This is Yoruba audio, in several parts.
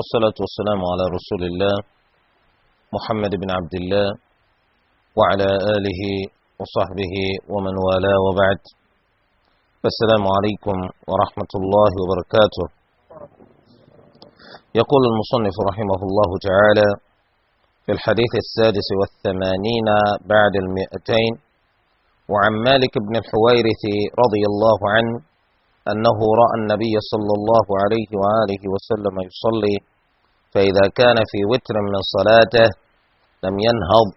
والصلاة والسلام على رسول الله محمد بن عبد الله وعلى آله وصحبه ومن والاه وبعد السلام عليكم ورحمة الله وبركاته يقول المصنف رحمه الله تعالى في الحديث السادس والثمانين بعد المئتين وعن مالك بن الحويرث رضي الله عنه أنه رأى النبي صلى الله عليه وآله وسلم يصلي فإذا كان في وتر من صلاته لم ينهض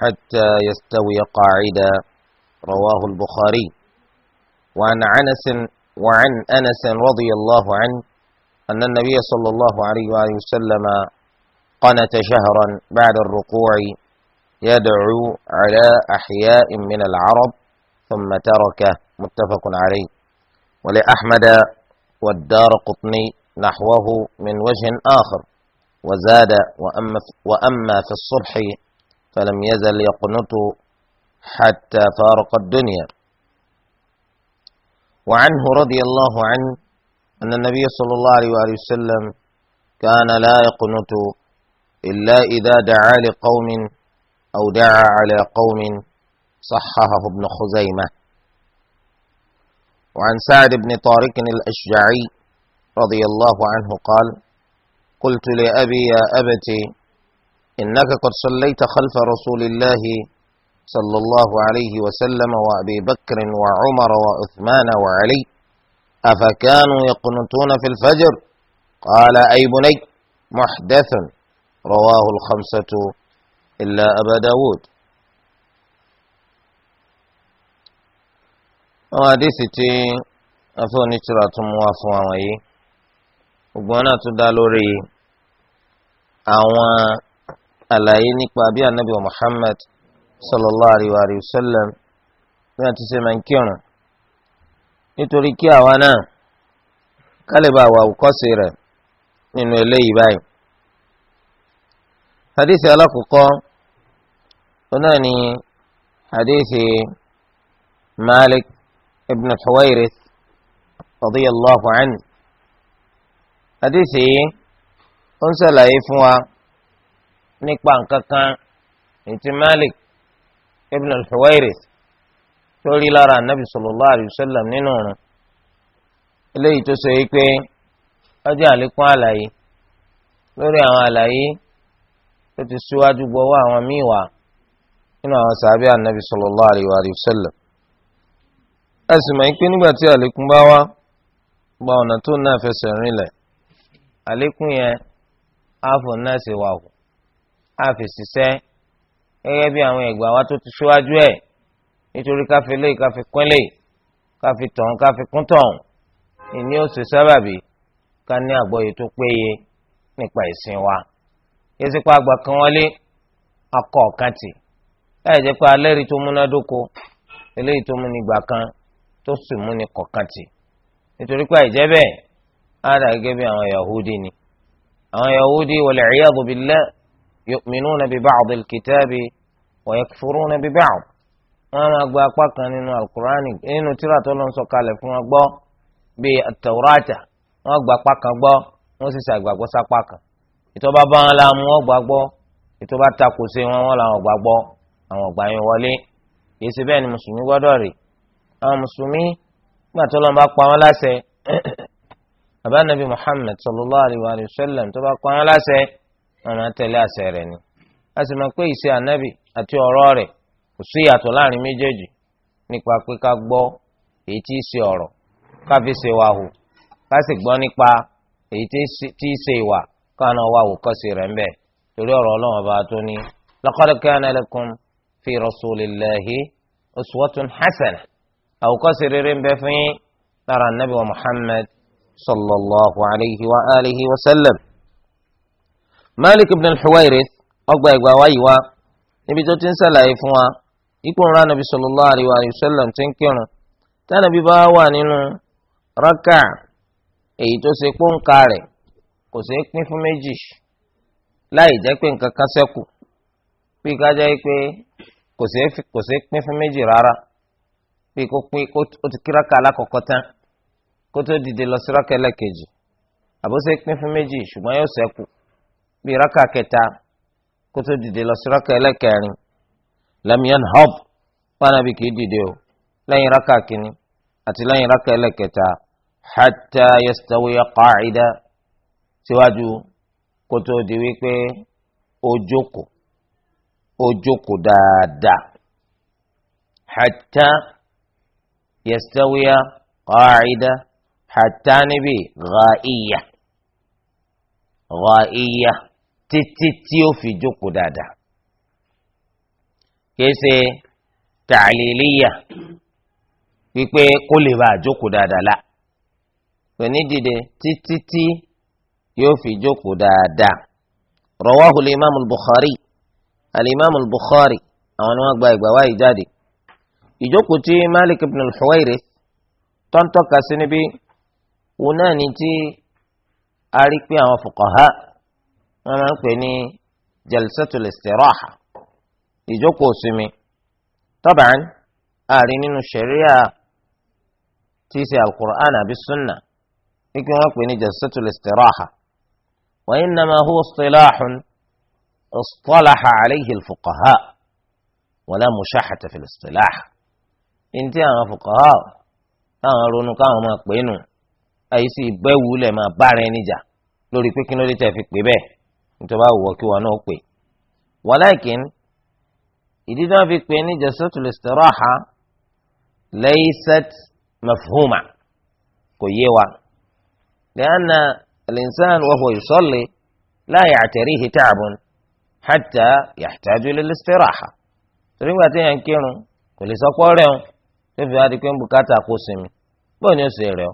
حتى يستوي قاعدا رواه البخاري وعن عنس وعن أنس رضي الله عنه أن النبي صلى الله عليه وآله وسلم قنت شهرا بعد الركوع يدعو على أحياء من العرب ثم تركه متفق عليه ولأحمد والدار قطني نحوه من وجه آخر وزاد وأما, وأما في الصبح فلم يزل يقنط حتى فارق الدنيا وعنه رضي الله عنه أن النبي صلى الله عليه وسلم كان لا يقنط إلا إذا دعا لقوم أو دعا على قوم صححه ابن خزيمة وعن سعد بن طارق الأشجعي رضي الله عنه قال قلت لأبي يا أبتي إنك قد صليت خلف رسول الله صلى الله عليه وسلم وأبي بكر وعمر وعثمان وعلي أفكانوا يقنطون في الفجر قال أي بني محدث رواه الخمسة إلا أبا داود وحديثتي أفوني ترى تموافوا وي وبنات دالوري àwọn àlàyé nípa bí anabi wa Muhammad sallallahu alayhi wa sallam bí wọn ti ṣe máa ń kírun nítorí kí àwa náà kálíbà wà òkọ́sí rẹ̀ nínú eléyìí báyìí. hadith alákọ̀ọ́kọ́ ọ̀nà ni hadith Malik ibn Huwayrith radiyallahu anhu hadith yìí. ó ń ṣàlàyé fún wa nípa nǹkan kan Malik ibn al-Huwayrith tó rí lára anabi sallallahu alayhi wa sallam nínú ọ̀run eléyìí tó ṣe é pé ọjọ́ àlékún àlàyé lórí àwọn àlàyé tó ti síwájú gbọ́wọ́ àwọn míì wá nínú àwọn sàbẹ́ anabi sallallahu alayhi wa sallam a nígbà tí àlékún bá wá gba ọ̀nà tó náà fẹsẹ̀ rinlẹ̀ àfọ̀ náà ṣe wà wò àfi ṣiṣẹ́ gẹ́gẹ́ bí àwọn ẹ̀gbà wa tó ti ṣíwájú ẹ̀ nítorí káfí lé káfí pínlẹ̀ káfí tọ̀hún káfí kún tọ̀hún ìní ó ṣe sábàbí ká ní àgbọ́yé tó péye nípa ìsìn wa yẹsí àgbà kan wọlé akọ ọ̀kan tì láì jẹ́ pé alẹ́rìí tó múnádóko eléyìí tó múni kan tó sì múni kọ̀ọ̀kan tì nítorí pé àìjẹ́ bẹ́ẹ̀ á dà gẹ́gẹ́ bí àwọn Yahudi ni àwọn yahudi wal-'iyadhu billah yu'minuna bi ba'd al-kitabi wa yakfuruna bi ba'd wọ́n máa gba apá kan nínú alukurani nínú tírà tó lọ ń sọ̀kalẹ̀ fún wọn gbọ́ bíi at-taurata wọ́n gba apá kan gbọ́ wọ́n sì ṣàgbàgbọ́ sápá kan ìtọ́ba bá wọn wọn gbà gbọ́ ìtọ́ba takò sí wọn wọn làwọn gbà gbọ́ àwọn ọgbà yẹn wọlé kì í bẹ́ẹ̀ ni mùsùlùmí gbọ́dọ̀ rè àwọn mùsùlùmí gbà lọ́n bá pa wọn láṣẹ bàbá nàbí Muhammad sallallahu alayhi wa sallam tó bá kọ́ ọ́n láṣẹ wọn máa tẹ̀lé àṣẹ rẹ̀ ni a sì máa pé ìṣe ànábì àti ọ̀rọ̀ rẹ̀ kò sí ìyàtọ̀ láàrin méjèèjì nípa pé ká gbọ́ èyí tí í ṣe ọ̀rọ̀ ká fi ṣe wà hù ká sì gbọ́ nípa èyí tí í ṣe ìwà ká náà wà hù kọ́sì rẹ̀ ńbẹ̀ torí ọ̀rọ̀ ọlọ́run ọba tó ní laqad صلى الله عليه وآله وسلم مالك بن الحويرث أقبى إقبى níbi tó ti ń sàlàyé fún wa ikú ńlá nàbí sallallahu alaihi wa sallam ti ń kírun tánàbí bá wà nínú rákà èyí tó ṣe pọ́ǹkà rẹ̀ kò ṣeé pín fún méjì láì jẹ́ pé nǹkan kan ṣẹ́kù bí ká jẹ́ pé kò ṣeé pín fún méjì rárá bí kò pín ó ti kí rákà alákọ̀ọ́kọ́ tán kó tó dìde lọ sí rákà ẹlẹ́kejì àbóṣe pín fún méjì ṣùgbọ́n yóò ṣẹ́kù bí rákà kẹta kó tó dìde lọ sí rákà ẹlẹ́kẹrin lamian hob pàànàbí kì í dìde o lẹ́yìn rákà kínní àti lẹ́yìn rákà ẹlẹ́kẹta hatta yastawiya qa'ida síwájú kó di wípé ó jókòó dáadáa hatta yastawiya qa'ida hatta níbi ghaiya ghaiya títí tí ó fi jókòó dáadáa kìí ṣe tàlílíyà wípé kó lè bá àjókòó dáadáa la òní dìde títí tí yóò fi jókòó dáadáa rawahu al-imam al-bukhari al-imam al-bukhari àwọn ni wọ́n gba ìgbà wáyé jáde ìjókòó tí malik ibn al-huwayrith tó ń níbí òun náà ni tí a rí pé àwọn fuqaha wọn máa ń pè ní jalsatul istiraha ìjókòó sinmi taban àárín nínú sẹríà tí í ṣe alukur'an àbí sunna wípé wọn pè ní jalsatul istiraha wa innama huwa istilahun istalaha alayhi alfuqaha wala mushahata fil istilah ntí àwọn fuqaha táwọn ronú káwọn máa pè nù. àyíṣe ìbẹ́wù lẹ̀ máa bára ẹni jà lórí pé kí ló dé tẹ̀ fi pè bẹ́ẹ̀ nítorí walakin ìdí tí wọ́n fi pè ní jalsatul mafhuma kò yé wa. li'anna al-insan wa huwa yusalli la ya'tarihi ta'bun hatta yahtaju lil torí gbà tí yẹn kírun kò lè sọ pọ́ rẹ̀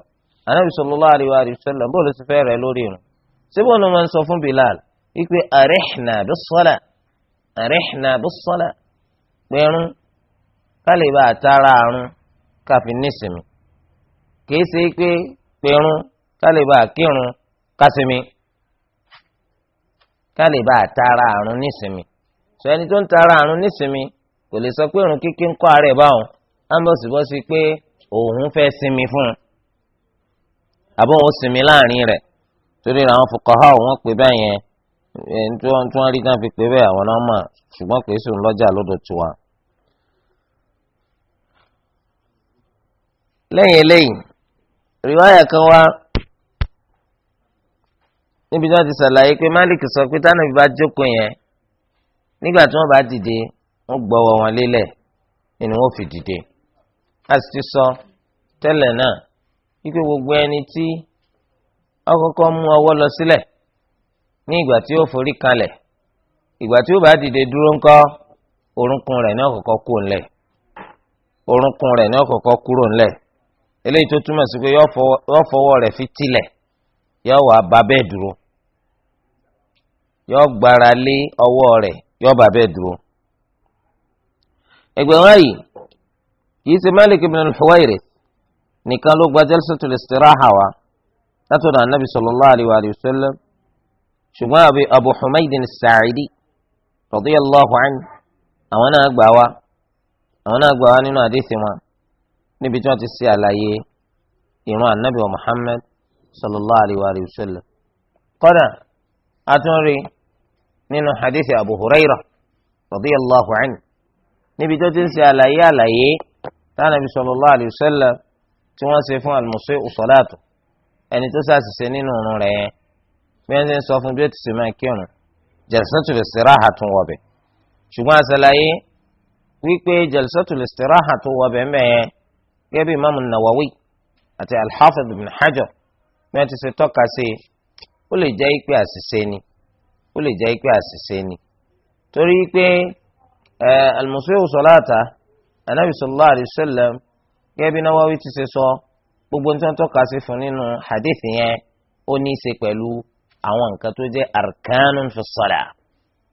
anabi sallallahu alaihi wa sallam bóòlù ti fẹ́ rẹ̀ lórí irun síbò ló máa ń sọ fún bilal wípé àríhìnà bí sọ́là àríhìnà bí sọ́là pẹ̀rún kálíbà àtàrà àrùn káfí nísìmí kìí ṣe pé pẹ̀rún kálíbà kírun kásìmí kálíbà àtàrà àrùn nísìmí sọ tó ń tara àrùn nísìmí kò lè sọ pé irun àbọ̀ wọn sinmi láàrin rẹ̀ torí àwọn fuqaha wọn pè báyẹn tí wọ́n rí gan fi pè bẹ́ẹ̀ àwọn náà mọ̀ ṣùgbọ́n kì í sùn lọ́jà lọ́dọ̀ tiwa. lẹ́yìn eléyìí rìwáyà kan wá níbi tí wọ́n ti ṣàlàyé pé Malik sọ pé tánàbí bá jókòó yẹn nígbà tí wọ́n bá dìde wọ́n gbọ́wọ́ wọn lélẹ̀ nínú wọn fi dìde a sì ti sọ tẹ́lẹ̀ náà Ipe gbogbo ẹni tí ọkọ̀kọ́ mú ọwọ́ lọ sílẹ̀ ní ìgbà tí ó forí kalẹ̀ ìgbà tí ó bá dìde dúró ńkọ́ orúnkún rẹ̀ ní ọ̀kọ̀kọ́ kú ńlẹ̀ orúnkún rẹ̀ ní ọ̀kọ̀kọ́ kúrò ńlẹ̀ eléyìí tó túmọ̀ sí pé yọ fọwọ́ rẹ̀ fi tilẹ̀ yọ wà bá bẹ́ẹ̀ dúró yọ gbára lé ọwọ́ rẹ̀ yọ bá bẹ́ẹ̀ dúró. ẹgbẹ́ wáyìí kì ṣe Malik ibn al-Huwayrith nìkan ló gba jalsatul istiraha wa látọ̀dọ̀ anabi sallallahu alayhi wa sallam ṣùgbọ́n àbí abu humaydin sa'idi radiyallahu anhu àwọn náà gbà wá àwọn náà gbà wá nínú àdéhìí wọn níbi tí wọ́n ti ṣe àlàyé ìran anabi wa muhammad sallallahu alayhi wa sallam kọ́dà àtúnrí nínú hadithi abu huraira radiyallahu anhu níbi tó ti ń ṣe àlàyé àlàyé tánàbí sallallahu alayhi wa tí wọ́n ṣe fún àlùmọ̀ṣẹ́ òṣọ́láàtò ẹni tó ṣàṣìṣe nínú ọ̀run rẹ̀ yẹn bí wọ́n ṣe ń sọ fún bí ó ti ṣe máa kírun jalsatul istiraha tún wọ̀bẹ̀ ṣùgbọ́n àṣàlàyé wípé jalsatul istiraha tún wọ̀bẹ̀ mẹ́yẹn gẹ́gẹ́ bí imaamu nawawi àti alḥafiz ibn hajar bí wọ́n ti ṣe tọ́ka sí i ó lè jẹ́ pé àṣìṣe ni ó lè jẹ́ pé àṣìṣe ni torí pé eh, almusii salata anabi sallallahu alayhi gẹ́gẹ́ bí Nawawi ti ṣe sọ gbogbo nítorí tọ́ka sí fún nínú hadith yẹn ó ní í ṣe pẹ̀lú àwọn nǹkan tó jẹ́ arkanun fi sọ̀lá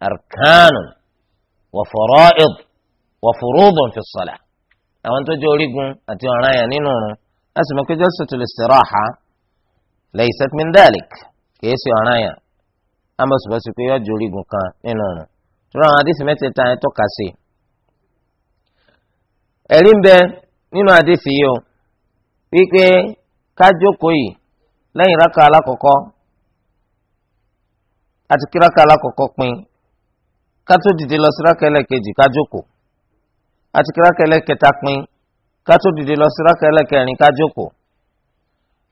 arkanun wa fara'id wa furudun fi sọ̀lá àwọn tó jẹ́ orígun àti ọ̀ràn yẹn nínú òrùn láti mọ̀ pé jalsatul istiraha laysat min dhalik kìí ṣe ọ̀ràn yẹn ambasubasi pé yọjú orígun kan nínú òrùn tó ra àwọn hadith mẹ́tẹ̀ẹ̀ta yẹn tọ́ka sí ẹ̀rí ń bẹ́ẹ̀ nínú àdéhìí yìí o wípé kájókòó yìí lẹ́yìn rákà alákọ̀ọ́kọ́ àti kí rákà alákọ̀ọ́kọ́ pin ká tó dìde lọ sí rákà ẹlẹ́kejì kájókòó àti kí rákà ẹlẹ́kẹta pin ká tó dìde lọ sí rákà ẹlẹ́kẹrin kájókòó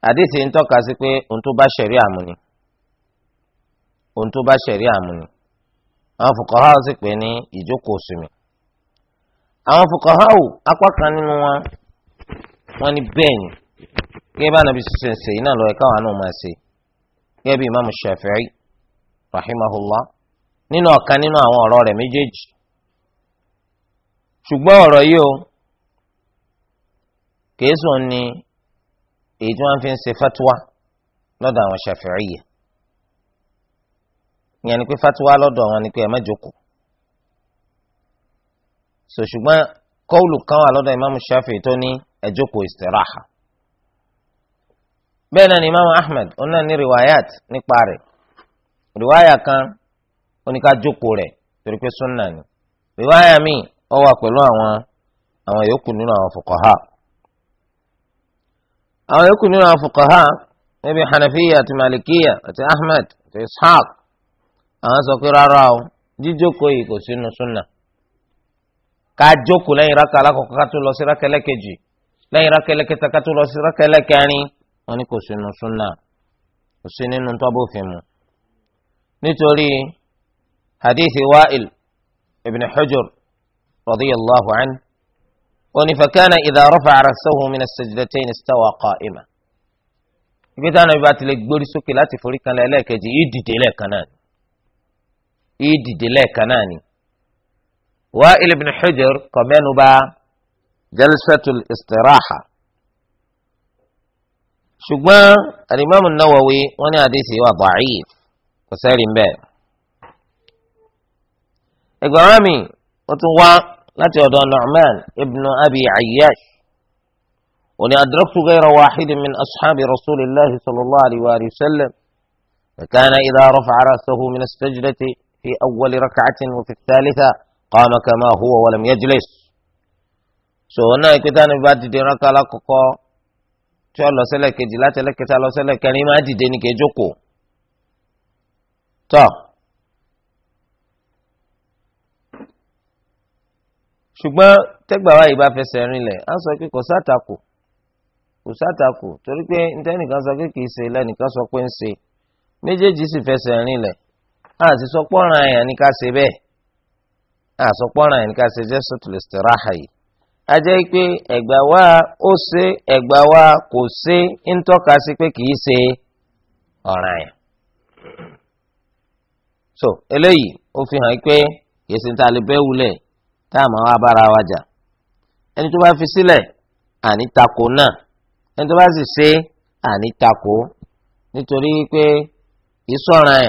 àdéhìí ń tọ́ka sí pé ohun tó bá ṣẹ̀rí àmú ni ohun tó bá ṣẹ̀rí àmú ni àwọn fuqaha sì pè ní ìjókòó sùnmi àwọn fukahau apá kan nínú wọn wọn ni bẹ́ẹ̀ ni gẹ́gẹ́ bá nàbí sísè ṣe iná lọ ẹ̀ka àwọn náà máa ṣe gẹ́gẹ́ bí imaamu shafi'i rahimahullah nínú ọ̀kan nínú àwọn ọ̀rọ̀ rẹ̀ méjèèjì ṣùgbọ́n ọ̀rọ̀ yìí o kèésù ni èyí tí wọ́n fi ń ṣe fatwa lọ́dọ̀ àwọn shafi'i yẹn ni pé fatwa lọ́dọ̀ wọn ni pé ẹ má jókòó so ṣùgbọ́n kọ́ọ̀lù kan wà lọ́dọ̀ imaamu shafi tó ní ẹ istiraha bẹ́ẹ̀ náà ahmed òun náà ní riwayat nípa rẹ̀ riwaya kan oníka jókòó rẹ̀ torí pé sunna ni riwaya míì ó wà pẹ̀lú àwọn àwọn yòókù nínú àwọn àwọn yòókù nínú àwọn níbi hanafiya àti malikiya àti ahmed àti ishaq àwọn sọ pé rárá o jíjókòó yìí ká joko lẹ́yìn rákà ala kọkọ kátó lọ sí rákà ẹlẹ́kejì lẹ́yìn rákà ẹlẹ́kẹta ká kátó lọ sí rákà ẹlẹ́kẹrin wọn ni kò sí sínú súnà kò sí nínú tọ́bọ̀fin mu. nítorí hadithi wa'il ibn hujur radiyallahu anhu oni fakana idha rafa'a ra'sahu min as-sajdatayn istawa qa'ima. ibi táwọn ibi àti lè gbórí sókè láti forí kan lẹ́ẹ̀kejì yìí dìde lẹ́ẹ̀kan náà ni yìí dìde lẹ́ẹ̀kan náà ni وائل بن حجر كمان با جلسة الاستراحة شو الإمام النووي وانا حديثي هو ضعيف وسالم با إقرامي وتوا لا نعمان ابن أبي عياش وني أدركت غير واحد من أصحاب رسول الله صلى الله عليه وآله وسلم فكان إذا رفع رأسه من السجدة في أول ركعة وفي الثالثة qama kama huwa wa lam yajlis so náà pété àwọn dìde rákà alákọ̀ọ́kọ́ tí ó lọ sẹ́lẹ̀ kejì láti ẹlẹ́kẹta lọ sẹ́lẹ̀ kẹrin máa dìde ní ṣùgbọ́n tẹ́gbàá wa fẹsẹ̀ rinlẹ̀ á sọ kò kò torí pé sọ pé kìí ṣe lẹ́nìkan sọ pé ń ṣe méjèèjì sì fẹsẹ̀ rinlẹ̀ á sì sọ ọ̀ràn àsopọ̀ràn yìí ká ṣe jẹ́ sọ́tùlù yìí. a pé ẹgbà wa ó se ẹgbà wa kò se ń sí pé so eléyìí ó fi hàn pé kì ta lè bẹ́ wulẹ̀ tá a máa wá bára wa jà. ẹni tó bá fi sílẹ̀ àní tako náà ẹni tó bá sì àní tako nítorí pé ìsọ̀ràn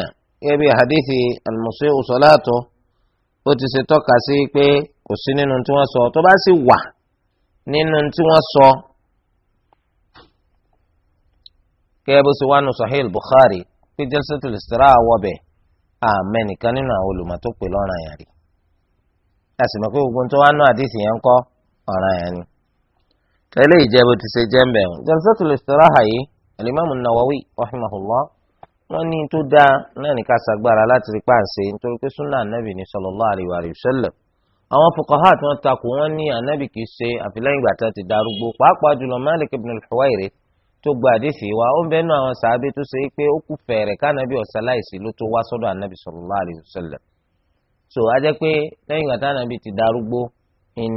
yẹn gẹ́gẹ́ bí bó ti ṣe tọ́ka sí pé kò sí nínú tí wọ́n sọ tó bá sì wà nínú tí wọ́n sọ kẹ́ẹ́ bó ṣe wà nù Sahih Bukhari pé jalsatul istira àwọ̀bẹ̀ àmẹ́ nìkan nínú àwọn olùmọ̀ tó pè lọ́ràn yẹn rí láti mọ̀ pé gbogbo tó wà nù àdìsí yẹn ń kọ́ ọ̀ràn yẹn ni. tẹ́lẹ̀ ìjẹ́ bó ti ṣe jẹ́ ń bẹ̀rù jalsatul istira àyè al nawawi rahimahullah wọ́n ní tó dáa náà ní ká ṣàgbára láti rí páàsì nítorí pé súnà ànábì ní sallallahu alaihi wa sallam àwọn fuqaha tí wọ́n takò wọ́n ní ànábì kìí ṣe àfilẹ́yìn ìgbà tá ti darúgbó pàápàá jùlọ Malik ibn al tó gba àdéfì wa ó ń bẹ́ẹ̀ àwọn sàábé tó ṣe pé ó kù fẹ̀rẹ̀ kánábì ọ̀sẹ̀ láìsí ló tó wá sọ́dọ̀ ànábì sallallahu alaihi wa so a jẹ́ pé lẹ́yìn ìgbà tá ànábì ti darúgbó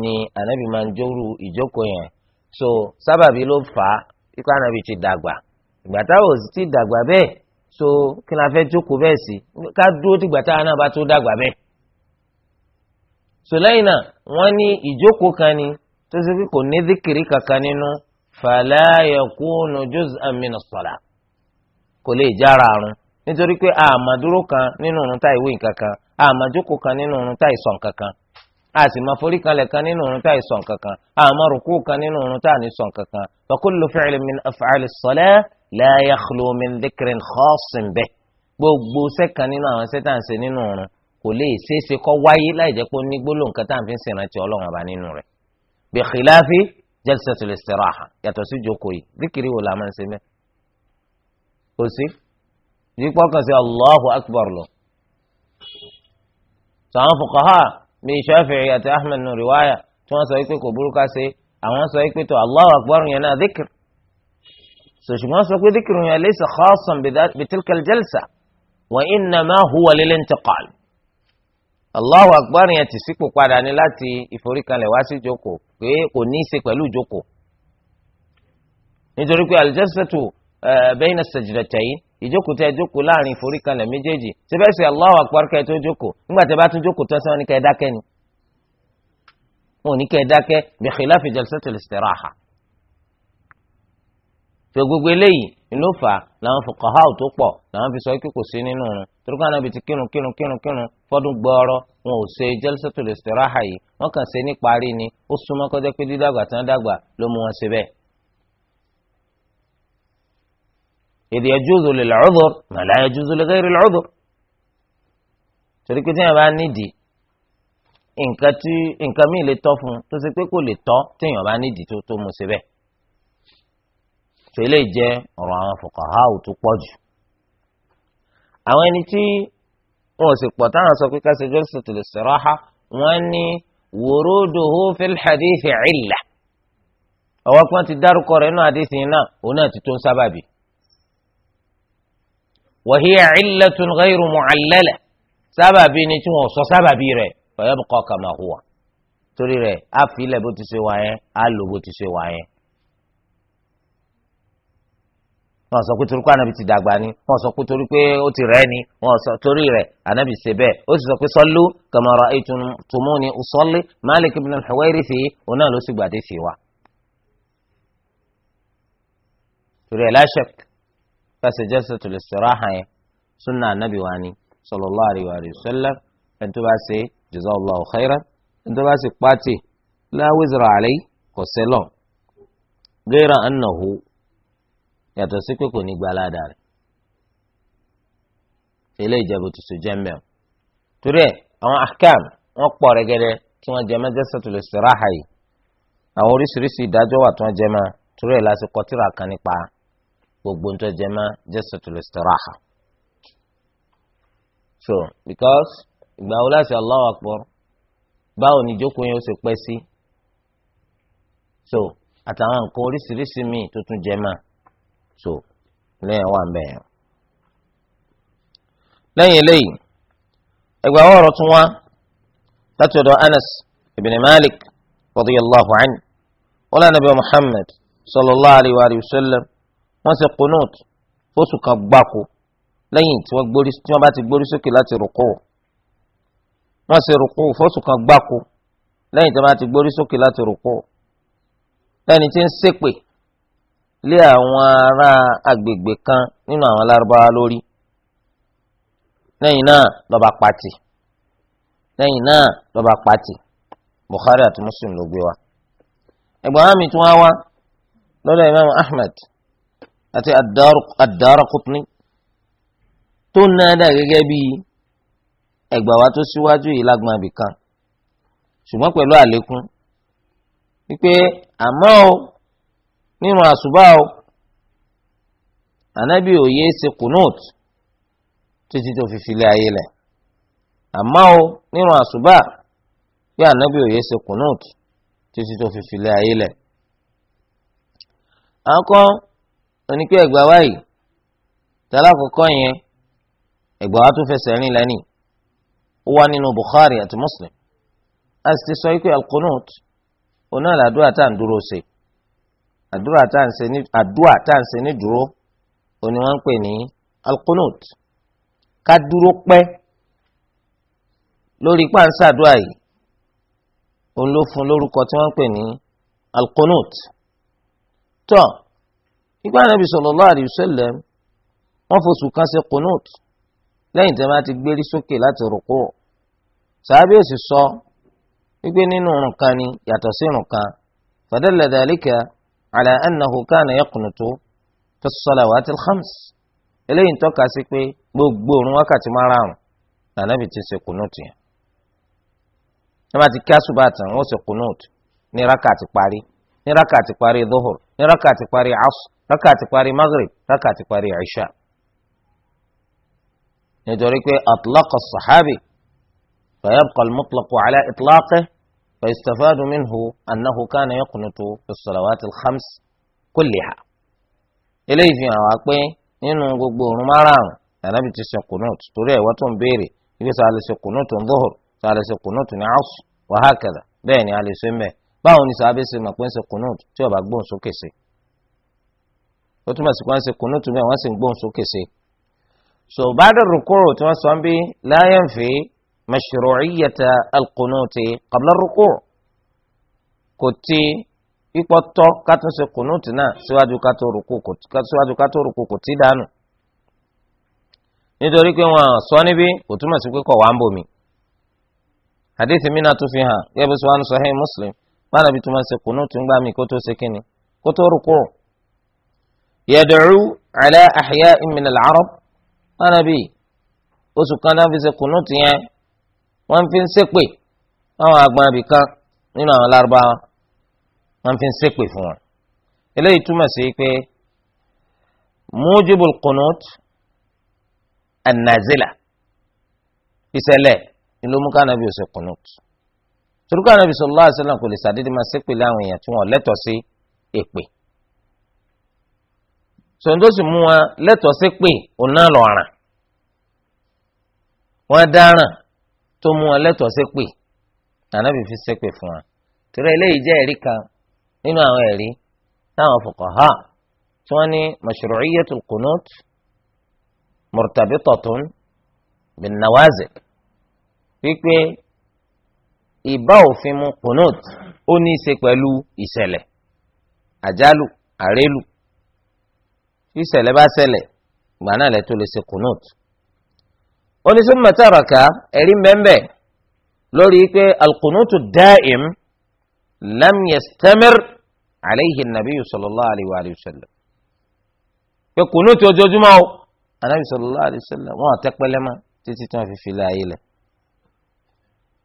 ni ànábì máa ń jóru ìjókòó yẹn so sábàbí ló fà á ikú ànábì ti dàgbà ìgbà táwọn ò sì ti dàgbà bẹ́ẹ̀ so kí la fẹ́ jókòó bẹ́ẹ̀ sí ká dúró so náà wọ́n ní ìjókòó kan ni tó ṣe pé kò ní díkìrì kankan nínú fala yakunu juz'an min kò lè jára àrùn nítorí pé àmàdúró kan nínú òrùn táì wí nǹkan kan a sì máa forí kanlẹ̀ kan nínú òrùn tá ìsọ̀n kankan a máa rúkú kan nínú òrùn tá ìsọ̀n kankan fa kullu fi'lin min af'ali s-salah la yakhlu min dhikrin khassin bih gbogbo sẹ́kan nínú àwọn sẹ́tà ń ṣe nínú òrùn kò lè ṣeéṣe kó wáyé láì jẹ́ pé ó ní gbólóhùn kan tá à ń fi ń ṣèrántí ọlọ́run ọba nínú rẹ̀ bi khilafi jalsatul istiraha yàtọ̀ sí jókòó yìí zikiri wo la ṣe mẹ́ kò sí yípo kan sí Allahu akbar lọ sọ àwọn fuqaha bí Shafi'i àti Ahmad nù rìwáyà tí wọ́n sọ pé kò burúkú ṣe àwọn sọ pé tó Allahu akbar yẹn náà dhikr sòṣùgbọ́n sọ pé dhikr yẹn laysa khassan bi tilka al-jalsa wa innama huwa lil-intiqal Allahu akbar yẹn ti sípò padà ní láti ìforíkanlẹ̀ wá sí jókòó pé kò ní í ṣe pẹ̀lú jókòó nítorí pé al-jalsatu eh, bayna as-sajdatayn ìjókòó tẹ jókòó láàrin ìforíkalẹ̀ méjèèjì ṣé bẹ́ẹ̀ sẹ́ Allahu Akbar kẹ́ tó jókòó nígbà tẹ bá tún jókòó tán sí ní kẹ́ ẹ dákẹ́ ni wọn ò ní kẹ́ ẹ dákẹ́ bi khilafi jalsatil istiraha. tó gbogbo eléyìí ló fà làwọn fuqaha tó pọ̀ làwọn fi sọ pé kò sí nínú rún torókà náà bìí ti kírun kírun kírun kírun fọdún gbọ́ọ́rọ́ wọn ò ṣe jalsatil istiraha yìí wọ́n kàn ṣe níparí ni ó súnmọ́ kọ́jọ́ pé dídàgbà tán dàgbà ló mú wọn ṣe bẹ́ẹ̀ idh yajuzu lil udhr ma la yajuzu li ghayril udhr torí pé tí yẹn bá nídìí nǹkan tí nǹkan míì lè tọ́ fún un tó ṣe pé kò lè tọ́ téèyàn bá nídìí tó tó mu síbẹ̀ tó lè jẹ́ ọ̀rọ̀ àwọn fuqaha tó pọ̀ jù àwọn ẹni tí wọn ò sì pọ̀ táwọn sọ pé káṣí jalsatul istiraha wọn ní wuruduhu fil hadithi illa ọwọ́ pọ́n ti dárúkọ rẹ̀ nínú hadithi náà òun náà ti tó ń sábàbí وهي علة غير معللة sábàbí ni tí wọ́n sọ فيبقى كما هو torí rẹ̀ á filẹ̀ bó ti ṣe wà yẹn á lò bó ti ṣe wà yẹn. wọ́n sọ pé torí pé anabi ti dàgbà ni wọ́n sọ pé torí pé ó ti rẹ̀ ni wọ́n sọ torí rẹ̀ anabi ṣe bẹ́ẹ̀ ó sì sọ pé sallu kama ra'aytumuni usalli Malik ibn al-Huwayrisi òun náà ló sì gbàdé sí wa. torí ẹ̀ la fẹsẹ̀ jalsatul istiraha yẹn sunna anabi wa ni sallallahu alayhi wa sallam ẹni tó bá ṣe jazallahu khairan ẹni tó bá ṣe pàtì la wizra alayhi kò sẹ́lọ̀ ghaira annahu yàtọ̀ sí pé kò ní gbalada rẹ̀ ilé ìjẹ́bù tó so jẹ́mbẹ̀ o torí ẹ̀ àwọn akam wọn pọ̀ rẹ́gẹ́dẹ́ tí wọ́n jẹ́ mọ́ jalsatul istiraha yìí àwọn oríṣiríṣi ìdájọ́ wà tí wọ́n jẹ́ mọ́ torí ẹ̀ láti kọ́ tírà kan nípa gbogbo nítorí jẹ má jalsatul istiraha so because ìgbà wo láti Allahu Akbar báwo ni ìjókòó yẹn ó ṣe pẹ́ sí so àtàwọn nǹkan oríṣiríṣi míì tó tún jẹ má so lẹ́yìn wà ń bẹ̀yẹn lẹ́yìn eléyìí ẹgbẹ́ àwọn ọ̀rọ̀ tún wá láti ọ̀dọ̀ Anas ibn Malik radiyallahu anhu wala nabi Muhammad sallallahu alayhi wa sallam wọ́n ṣe qunut fóṣù kan gbáko lẹ́yìn tí wọ́n gbórí tí wọ́n bá ti gbórí sókè láti rúkú wọ́n ṣe rúkú fóṣù kan gbáko lẹ́yìn tí wọ́n bá ti gbórí sókè láti rúkú lẹ́ni tí ń ṣépè lé àwọn ará agbègbè kan nínú àwọn lárúbáwá lórí lẹ́yìn náà lọ́ba pati lẹ́yìn náà lọ́ba pati Bukhari àti Muslim ló gbé wa ẹgbẹ́ mi tún wá wá lọ́dọ̀ Imam Ahmed àti ad-Daraqutni tó náà dà gẹ́gẹ́ bí ẹgbà wa tó síwájú yìí lágbọn abìkan ṣùgbọ́n pẹ̀lú àlékún wípé àmọ́ o nínú àṣùbà o ànábì òye ṣe kùnúùt títí tó fi filẹ̀ ayé lẹ̀ àmọ́ o nínú àṣùbà pé ànábì òye ṣe kùnúùt títí tó fi filẹ̀ ayé lẹ̀. àkọ́ oní pé ẹgbàá wáyìí tàlá kọ̀ọ̀kọ́ yẹn ẹgbàá wa tó fẹsẹ̀ rìn lẹ́nì ó wá nínú Bukhari àti Muslim a sì ti sọ pé alqunut oná làdúrà tá à ń dúró ṣe àdúrà tá à ń ṣe ní àdúrà tá à ń ṣe ní dúró oní wọn ń pè ní alqunut ká dúró pẹ́ lórí pàǹsá àdúrà yìí òun ló fún lórúkọ tí wọ́n ń pè ní alqunut tó nígbà Ànábì sallallahu alaihi wasallam wọ́n fosù kan ṣe qunut lẹ́yìn tí wọ́n bá ti gbérí sókè láti rúkú sàbẹ̀sì sọ wípé nínú nǹkan ni yàtọ̀ sí nǹkan fadalla dhalika ala annahu kana yaqnutu fi s-salawati l-khams eléyìí ń sí pé gbogbo òrùn wákàtí márùn-ún lànàbì ti ṣe qunut yẹn wọ́n bá ti kí àsùbá tán ṣe qunut ní rákàtí parí ní rákàtí parí dhuhur ní rákàtí parí asr rákà ti parí maghrib rákà ti parí aisha nítorí pé atlaqa sahabi fayabqa almutlaqu ala itlaqihi fayistafadu minhu annahu kana yaqunutu fi salawati alkhams kulliha eléyìí fi hàn wá pé nínú gbogbo òrùn márààrún nànàbì ti ṣe kùnúùtù torí ẹ̀wọ́ tó ń béèrè ibi sọ àlè ṣe kùnúùtù ń dọ́hùr sọ àlè ṣe kùnúùtù ní àṣù wàhákàdà bẹ́ẹ̀ ni àlè ṣe mẹ́ báwo ni sọ abẹ́sẹ̀ mọ̀ pé ń ṣe kùnúùtù tí ó gbóhùn sókè sí ó túmọ̀ sí pé wọ́n ṣe kùnú túmọ̀ so ba'da rukuu tí wọ́n sọ ń bí la qabla rukuu kò tí pípọ́ tọ́ ká tún tì náà síwájú ká tó rukuu kò tí dànù nítorí pé wọn sọ kò túmọ̀ fi hàn bí sọ hẹ́ẹ́ muslim yad'u ala ahya'in min al-arab anabi oṣù kan náà fi ṣe kùnúùtù yẹn wọ́n fi ń ṣépè àwọn àgbọn abìkan nínú àwọn lárúbáwá wọ́n fi ń ṣépè fún wọn eléyìí túmọ̀ sí pé mujibul qunut an-nazila ìṣẹ̀lẹ̀ ìlú mukanabi ò ṣe qunut turukanabi sallallahu alaihi wasallam kò lè ṣàdédé máa ṣépè láwọn èèyàn tí wọ́n lẹ́tọ̀ọ́ sí èpè. E sọ̀ńdọ́sì mú wọn lẹ́tọ̀ọ́ sí pé òun náà lọ ràn wọ́n dáràn tó mú wọn lẹ́tọ̀ọ́ sí pé ànábì fi ṣépè fún wọn. tìrẹ eléyìí jẹ́ ẹ̀rí kan nínú àwọn ẹ̀rí táwọn fuqaha tí wọ́n ní mashru'iyyatul qunut murtabitatun bin nawazil wípé ìbá òfin mu qunut ó ní í ṣe pẹ̀lú ìṣẹ̀lẹ̀ àjálù àrélù tí ìṣẹ̀lẹ̀ bá ṣẹlẹ̀ ìgbà náà lẹ tó lè ṣe kùnút. oníṣòwò tààràkà ẹ̀rí mbẹ́mbẹ́ lórí pé alkùnútù dáìm lam yastamir alayhi nabiyyu sallallahu alayhi wa sallam pé kùnútù ojoojúmọ́ o anabi sallallahu alayhi wa sallam wọn àtẹ́pẹ́lẹ́ mọ́ títí tí wọ́n fi fi láàyè lẹ̀.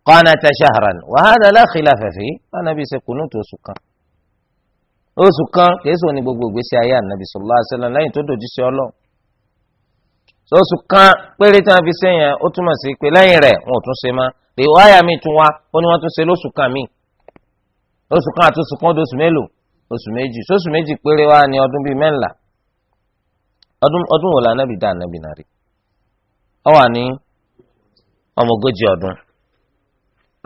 qanata shahran wa hadha la khilafa fihi ṣe kùnútù oṣù kan. oṣù kan kèésì ni gbogbo ìgbésí ayé ànábì sallallahu alaihi wasallam tó dòjú sí ọlọ́ oṣù kan péré tí wọ́n fi ṣe yẹn ó túmọ̀ sí pé lẹ́yìn rẹ̀ wọn ò tún ṣe mọ́ pé wáyà mi tún wá ó ní kan mi oṣù kan àti oṣù kan ó mélòó oṣù méjì sóṣù méjì péré wá ní ọdún bíi mẹ́ńlá ọdún wo la dá ànábì náà rí ọ wà ní ọdún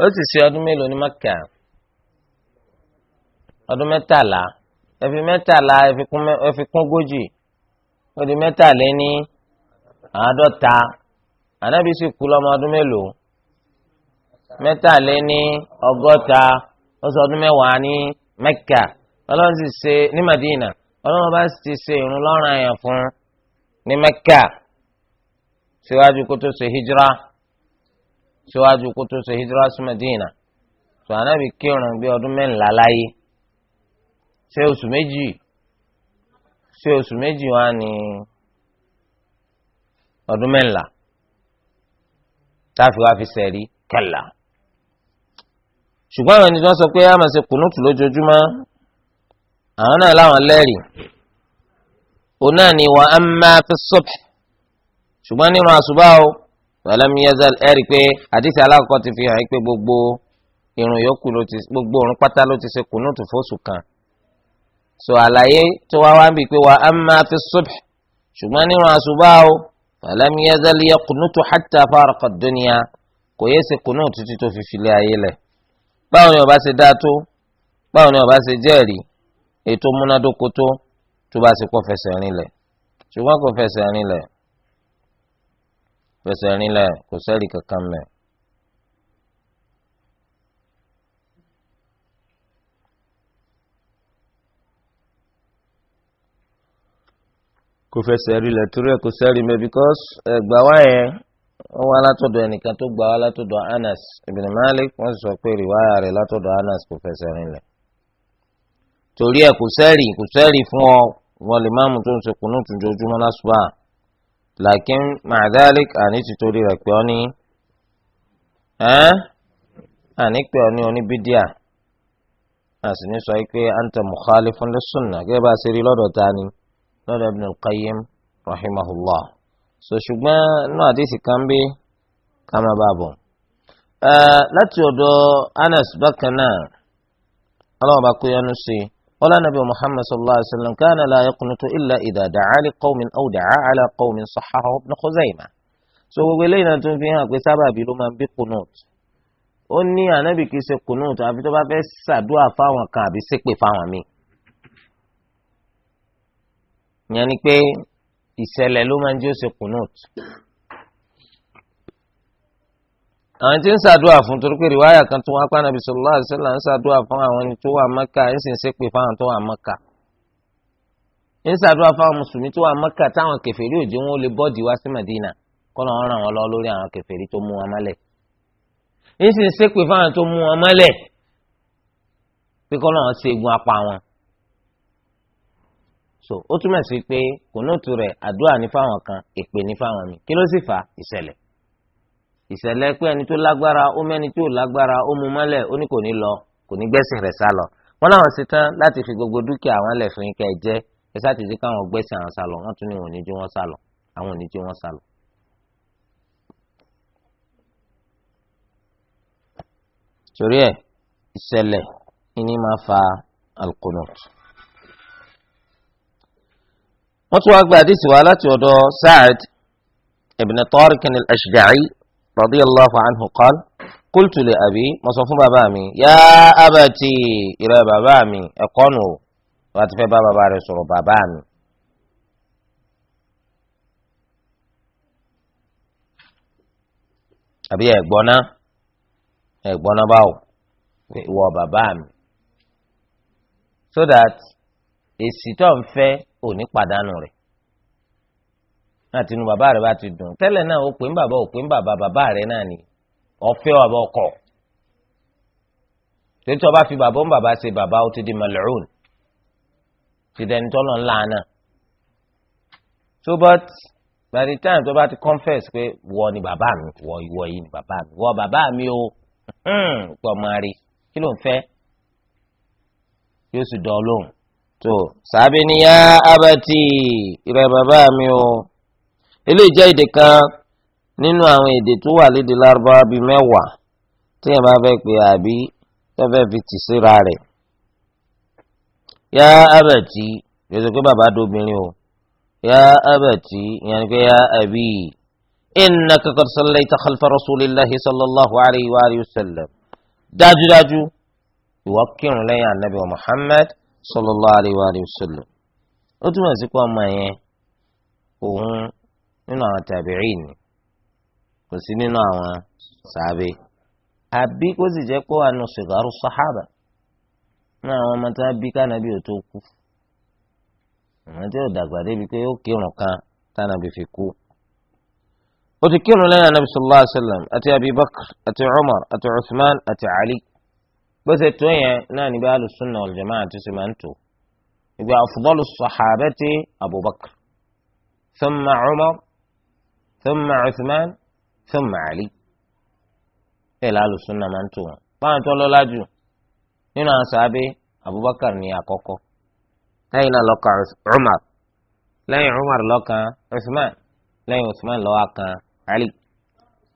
ó sì ṣe ọdún ẹfi mẹ́tàlá ẹfi kún gójì ó di mẹ́tàléní àádọ́ta ànábì sì kú lọ́mọ ọdún mélòó mẹ́tàléní ọgọ́ta ó sọ ọdún mẹ́wàá ní mẹ́kà ọlọ́run sì ṣe ní madina ọlọ́run bá sì ṣe ìrun lọ́rùn àyàn fún ní mẹ́kà síwájú kó tó ṣe hijira síwájú kó ṣe hijira sí madina sọ ànábì kírun bí ọdún mẹ́ńlá láyé ṣé oṣù méjì ṣé oṣù méjì wá ní ọdún mẹ́ńlá táàfin wá fi sẹ̀rí kẹlà ṣùgbọ́n àwọn ènìyàn sọ pé a máa ṣe kùnúùtù lójoojúmọ́ àwọn náà láwọn lẹ́rìí òun náà ni wọ́n á máa fi sọ́pì ṣùgbọ́n nínú àṣùbá o walam yazal ẹ̀rí pé àdìsí alákọ̀ọ́ ti fi hàn pé gbogbo irun yòókù ló ti gbogbo òun pátá ló ti ṣe kùnúùtù fóṣù kan so àlàyé tó wá wá ń bì pé wa amma fi subh ṣùgbọ́n nínú àṣùbà o falam yazal yaqnutu hatta faraqa ad-dunya kò yẹ ṣe kùnú títí tó fi filẹ̀ ayé lẹ̀ báwo ni ọba ṣe dá tó báwo ni ọba ṣe jẹ́rìí ètò múnádóko tó tó bá ṣe kó fẹsẹ̀ rinlẹ̀ ṣùgbọ́n kò fẹsẹ̀ rinlẹ̀ fẹsẹ̀ rinlẹ̀ kò sẹ́rìí kankan mẹ́ẹ̀. kò fẹsẹ̀ rí lẹ̀ torí ẹ̀ kò sẹ́rí mi because ẹgbà wá yẹn wọ́n wá látọ̀dọ̀ ẹnìkan tó gbà wá látọ̀dọ̀ Anas ibn Malik wọ́n sọ pé rìwáyà rẹ̀ látọ̀dọ̀ Anas kò fẹsẹ̀ rí lẹ̀ torí ẹ̀ kò sẹ́rí kò sẹ́rí fún ọ wọn lè máàmù tó ń sọ kùnú tún jojúmọ́ lásùbà làkín màdálík àní ti torí rẹ̀ pé ọ ní àní pé ọ ní oníbídíà àsìní sọ pé anta mukhalifun lis-sunnah gẹ́gẹ́ bá a ṣe rí lọ́dọ̀ ta ni lọ́dọ̀ Ibn al-Qayyim rahimahullah so ṣùgbọ́n inú àdìsí kan bí kàmá bá bọ̀. láti ọ̀dọ̀ Anas bákan náà ọlọ́run bá kó yánu sí i wọ́n lánàá bí Muhammad sallallahu alayhi wa sallam kana la yaqnutu illa idha da'a li qawmin aw da'a qawmin sahhahu Ibn Khuzaymah so gbogbo eléyìí náà tún fi hàn pé sábàbí ló máa ń bí kunut ó ní ànábì kìí ṣe kunut àfi tó bá fẹ́ ṣàdúrà fáwọn kan àbí ṣépè fáwọn míì ìyẹn ni pé ìṣẹ̀lẹ̀ ló máa ń jẹ́ òṣèkù nùtù àwọn tí ń ṣàdúrà fún torí pé rìwáyà kan tó wá pa nàbì sallallahu alaihi wasallam ń ṣàdúrà fún àwọn ẹni tó wà Mẹ́kà ń sì ń ṣépè fáwọn tó wà Mẹ́kà ń ṣàdúrà fáwọn mùsùlùmí tó wà Mẹ́kà táwọn kèfèrí òjò wọn lè bọ́ọ̀dì wá sí Mẹdínà kọ́nà wọn ràn wọn lọ lórí àwọn kèfèrí tó mú wọn mọ́lẹ̀ ń sì ń ṣépè fáwọn tó mú wọn mọ́lẹ̀ pé kọ́nà wọn ṣe egun apá wọn so ó túmọ̀ sí pé kùnúùtù rẹ̀ àdúrà ní fáwọn kan èpè ní fáwọn mi kí ló sì fa ìṣẹ̀lẹ̀ ìṣẹ̀lẹ̀ pé ẹni tó lágbára ó mẹ́ni tó lágbára ó mú mọ́lẹ̀ ó ní kò ní lọ kò ní gbẹ́sìn rẹ̀ sá lọ wọ́n láwọn ṣe tán láti fi gbogbo dúkìá àwọn lẹ̀ fún ike jẹ́ ẹ sá ti di káwọn gbẹ́sìn àwọn sá lọ wọ́n tún ní wọn ní jí wọn sá lọ àwọn ní jí wọn sá lọ. torí ẹ ìṣẹ̀lẹ̀ ìní máa fa alqunut wọ́n tún wá gba àdìsí wa láti ọ̀dọ̀ Sa'ad ibn Tariq al-Ashja'i radiyallahu anhu qal qultu li abi mo sọ fún bàbá mi yá abati ìrẹ bàbá mi ẹ̀kọ́ nù o fẹ́ bá bàbá rẹ̀ sọ̀rọ̀ bàbá mi. àbí ẹ̀gbọ́n náà ẹ̀gbọ́n náà bàbá mi so that èsì tó ń fẹ́ ò ní pàdánù rẹ̀ láti inú bàbá rẹ̀ bá ti dùn tẹ́lẹ̀ náà ó pè ń bàbá ó pè ń bàbá bàbá rẹ̀ náà ni ọ̀fẹ́ ọ̀bọ̀ kọ̀ tètè ọba fi bàbá ń bàbá ṣe bàbá ó ti di mal'un ti dẹni tọ́lọ̀ ńlá náà so but by the time tó bá ti confess pé wọ ni bàbá mi wọ ìwọ yìí ni bàbá mi wọ bàbá mi o pọ̀ hmm, máa rí kí ló ń fẹ́ yóò sì dán lóhùn tó sàbí ni yá abati ìrẹ bàbá mi o eléyìí jẹ́ èdè kan nínú àwọn èdè tó wà lédè lárúbáwá bíi mẹ́wàá tí yẹn bá fẹ́ pè àbí tó fẹ́ fi tì síra rẹ̀ yá abati yẹtò pé bàbá dobìnrin o yá abati yẹn ni pé yá àbí inna kakar sallai ta khalfa rasulillahi sallallahu alayhi wa sallam dájúdájú ìwọ kírun lẹ́yìn anabi muhammad sallallahu alaihi wa sallam ó túmọ̀ sí pé ọmọ yẹn òun nínú àwọn tabi'in ni kò sí nínú àwọn sàbẹ̀ àbí kó sì jẹ́ pé wà nù sigaru sahaba ní àwọn ọmọ tí wọ́n bí kánàbí ò tó kú àwọn tí yóò dàgbà débi pé ó kírun kan kánàbí fi kú. ó ti kírun lẹ́yìn anabi sallallahu àti abibakar àti umar àti usman àti ali bó ṣe tó yẹn náà níbi alùsùnà ọ̀lùjọ́mọ́ àti ṣe máa ń abubakar thumma umar thumma uthman thumma ali bẹ́ẹ̀ lálùsùnà máa ń tò wọn. báwọn tó jù nínú abubakar ní àkọ́kọ́ lẹ́yìn náà lọ́kàn umar lẹ́yìn umar lọ́kàn uthman lẹ́yìn uthman lọ́wọ́ kan ali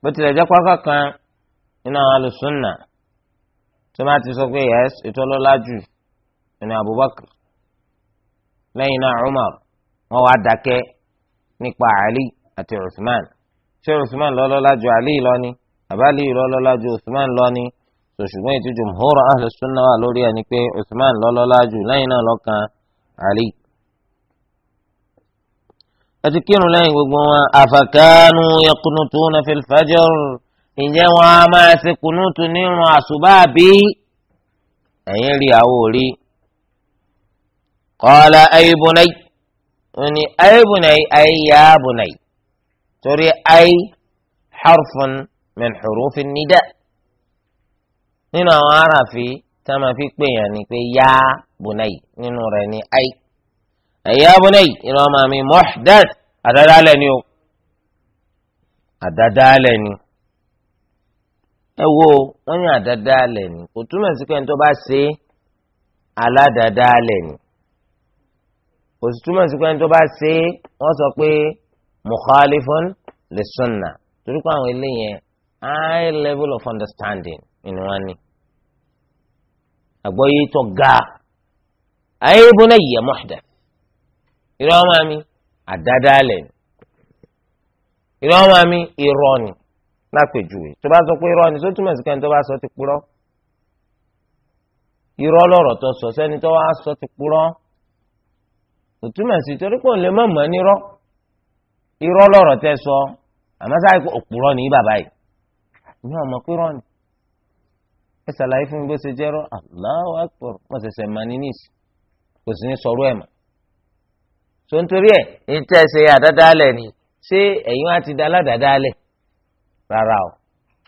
bó tilẹ̀ jẹ́ kan nínú àwọn tó bá ti sọ pé yes ìtọ́lọ́lá jù ẹni Abubakar lẹ́yìn náà Umar wọ́n wá dákẹ́ nípa Ali àti Usman ṣé Usman lọ́lọ́lá jù Ali lọ ni àbálí lọ́lọ́lá jù Usman lọ ni ṣùgbọ́n ètò jumhur ahlu sunna wà lórí ẹni pé Usman lọ́lọ́lá jù lẹ́yìn náà lọ́kàn Ali ẹtì kírun lẹ́yìn gbogbo wọn àfàkánú yakunutuna fil fajr ǹjẹ́ wọn a máa ṣe kùnúùtù nírun àṣùbáàbí ẹ̀yìn rí àwọn òrí. qala ay bunay ó ní ay bunay ay ya bunay torí ay harfun min hurufi nida nínú àwọn aráàfin tá a máa fi pè yàn ni pé ya bunay nínú rẹ̀ ni ay ay ya bunay ìran màmí muhdath àdádálẹ̀ ni o àdádálẹ̀ ni ẹ wo wọn ní àdádálẹ̀ ni kò túmọ̀ sí pé ẹni tó bá ṣe aládàádálẹ̀ ni kò sì túmọ̀ sí pé ẹni tó bá ṣe wọ́n sọ pé mukhalifun li sunna torí pé àwọn eléyẹn high level of understanding ni wọ́n ní àgbọ́yé tó ga ayé bọ́lá yìí mọ́ṣdà irọ́ ọmọ mi àdádálẹ̀ ni irọ́ ọmọ mi irọ́ ni lápèjúwe tó bá sọ pé irọ́ ni tó túmọ̀ sí kẹ́ni tó bá sọ ti purọ́ irọ́ lọ̀rọ̀ tó sọ sẹ́ni tó wá sọ ti purọ́ kò túmọ̀ sí torí pé òun lè mọ̀ mọ́ nírọ́ irọ́ lọ̀rọ̀ tẹ́ sọ àmọ́ sáà pé òpùrọ́ ni bàbá yìí ìyá ọmọ pé rọ́ ni ẹ ṣàlàyé fún mi bó ṣe jẹ́ rọ́ Allahu Akbar wọ́n ṣẹ̀ṣẹ̀ mọ̀ ní níìsì kò sí ní sọ̀rọ̀ ẹ̀ mọ̀ tó ń torí ẹ̀ ní tẹ́ ṣe àdádálẹ̀ ni ṣé ẹ̀yin wá ti da aládàádálẹ̀ rárá o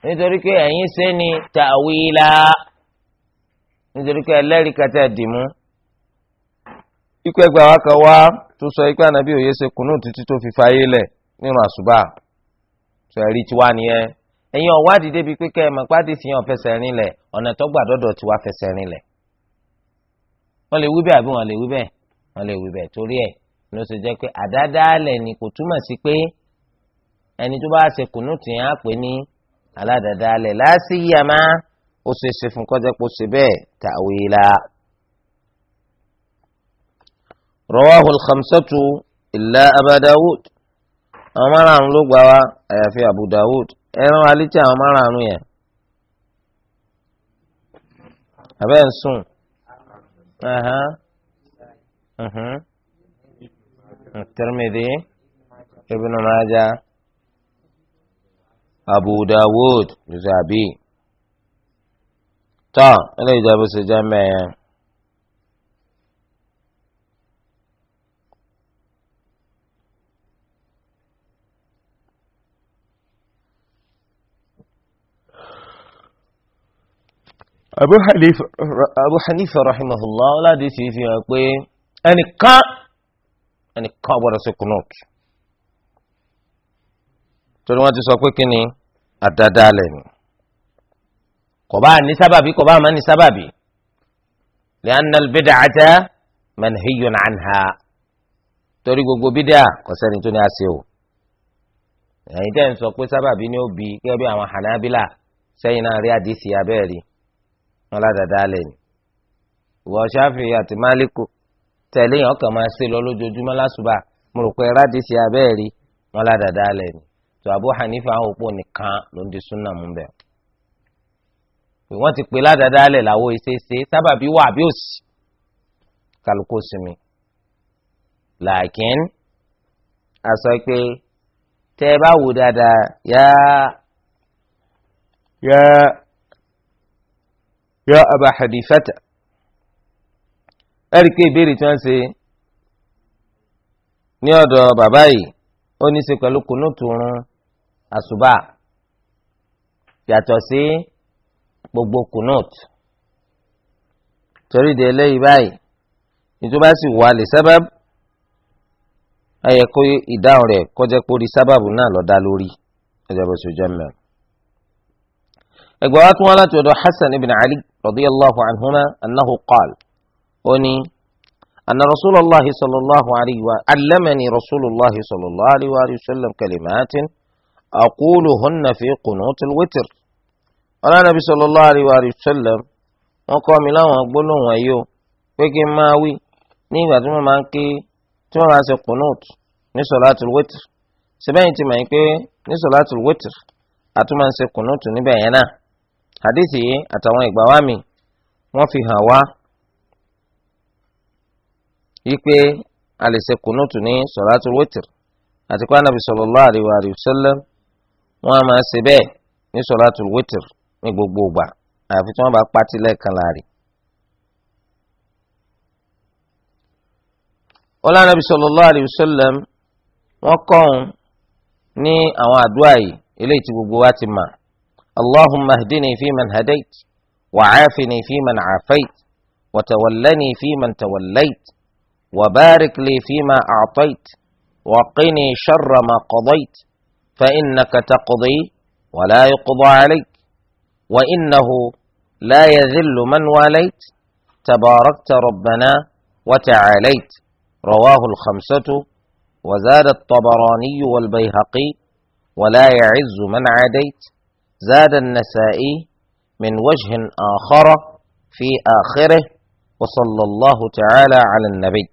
nítorí pé ẹ̀yin ṣe ni nítorí pé ẹlẹ́rìí kẹtẹ dìmú ikú ẹgbẹ́ kan wá tó sọ ikú ànábì òye ṣe kùnú tó fi fàyè lẹ̀ nínú àṣùbà tó ẹ̀rí tiwa nìyẹn ẹ̀yin ọ̀wádìí débi ẹ̀ mọ̀ fi hàn fẹsẹ̀ rinlẹ̀ ọ̀nà tó gbà fẹsẹ̀ rinlẹ̀ wọ́n lè wí bẹ́ẹ̀ àbí wọ́n lè wí bẹ́ẹ̀ wọ́n lè wí bẹ́ẹ̀ torí ẹ̀ ẹni tó bá ṣe kùnú tìyàn á pè ní aládàdálẹ̀ láti yàmá ó ṣe ṣe fún kọjá pò ṣe bẹ́ẹ̀ ta'wila. rawahu al-khamsatu illa Aba Dawud àwọn márùn-ún ló gbà wá àyàfi Abu ẹran alítí àwọn márùn yẹn. abẹ́ ń sùn. Mhm. Tirmidhi Ibn Majah. abu dawud zabi tá eléyìí jẹ́ bó ṣe jẹ́ mẹ́ẹ̀ẹ́. abu hanifa abu hanifa rahimahullah ọládìsí fi hàn pé ẹnìkan ẹnìkan gbọ́dọ̀ ṣe kùnúùtù. torí wọ́n ti sọ pé kíni àdádálẹ̀ ni kò bá ní sábàbí kò bá má ní sábàbí li'anna al-bid'ata manhiyun anha torí gbogbo bídà kò sẹ́ni tó ní a ṣe o ẹ̀yin tẹ́ ń sọ pé sábàbí ni ó bi gẹ́gẹ́ bí àwọn hanabila sẹ́yìn náà rí àdìsí abẹ́ẹ̀rí wọn ládàádálẹ̀ ni ìwọ ṣáfì àti máàlíkù tẹ̀lé yẹn ọkàn máa ṣe lọ lójoojúmọ́ lásùbà mo rò pé rádìsí abẹ́ẹ̀rí wọn ládàádálẹ̀ ni tó Abu Hanifa àwọn òpó nìkan ló ń di súnà mú bẹ́ẹ̀ pé wọ́n ti pè ládàádáálẹ̀ làwọn ìṣeéṣe sábàbí wà bí òsì kálukú sinmi làákín a sọ pé tẹ́ ẹ bá wò dáadáa yá yá yá Aba Hanifata ẹ rí i pé ìbéèrè tí wọ́n ṣe ní ọ̀dọ̀ bàbá yìí ó ní í ṣe pẹ̀lú kùnú tòun àṣùbà yàtọ̀ sí gbogbo kunut torí de eléyìí báyìí ìjọba sì wà lè sábàbù ẹyẹ kó ìdáhùn rẹ̀ kọjá pé orí sábàbù náà lọ dá lórí ẹjọba ìṣòjọ mẹ́rin. ẹgbẹ́ wa tún wá láti ọ̀dọ̀ Hasan ibn Ali radiyallahu anhuma annahu qaal ó ní anna rasulallah sallallahu alayhi wa allamani rasulallah alayhi wa sallam kalimatin aquluhunna fi qunutil witr ọlọ́nàbí sallallahu alaihi wa sallam wọ́n kọ́ mi láwọn gbólóhùn ayé o pé kí n máa wí ní ìgbà tí wọ́n máa ń ké tí wọ́n máa ṣe qunut ní solatul witr sẹ́bẹ̀yìn ti mọ̀ pé ní solatul witr àtúmọ̀ ṣe qunut níbẹ̀ yẹn náà àdìsí yìí àtàwọn ìgbà wa mi wọ́n fi hàn wá wípé a lè ṣe qunut ní solatul witr àti kó ànàbí sallallahu alaihi wa sallam wọ́n á máa ṣe bẹ́ẹ̀ ní sọ̀látùl wítìr ní gbogbo ọgbà àfi tí wọ́n bá pátí lẹ́ẹ̀kan láàrin. ọlọ́nàbí sallallahu alayhi wa sallam wọ́n kọ́ òun ní àwọn àdúrà yìí eléyìí tí gbogbo wa ti mà allahumma hdini fi man hadait wa caafini fi man caafait wa tawallani fi man tawallait wa barik li fi ma acطait wa qini sharra ma qadait. فإنك تقضي ولا يقضى عليك وإنه لا يذل من واليت تباركت ربنا وتعاليت رواه الخمسة وزاد الطبراني والبيهقي ولا يعز من عاديت زاد النسائي من وجه آخر في آخره وصلى الله تعالى على النبي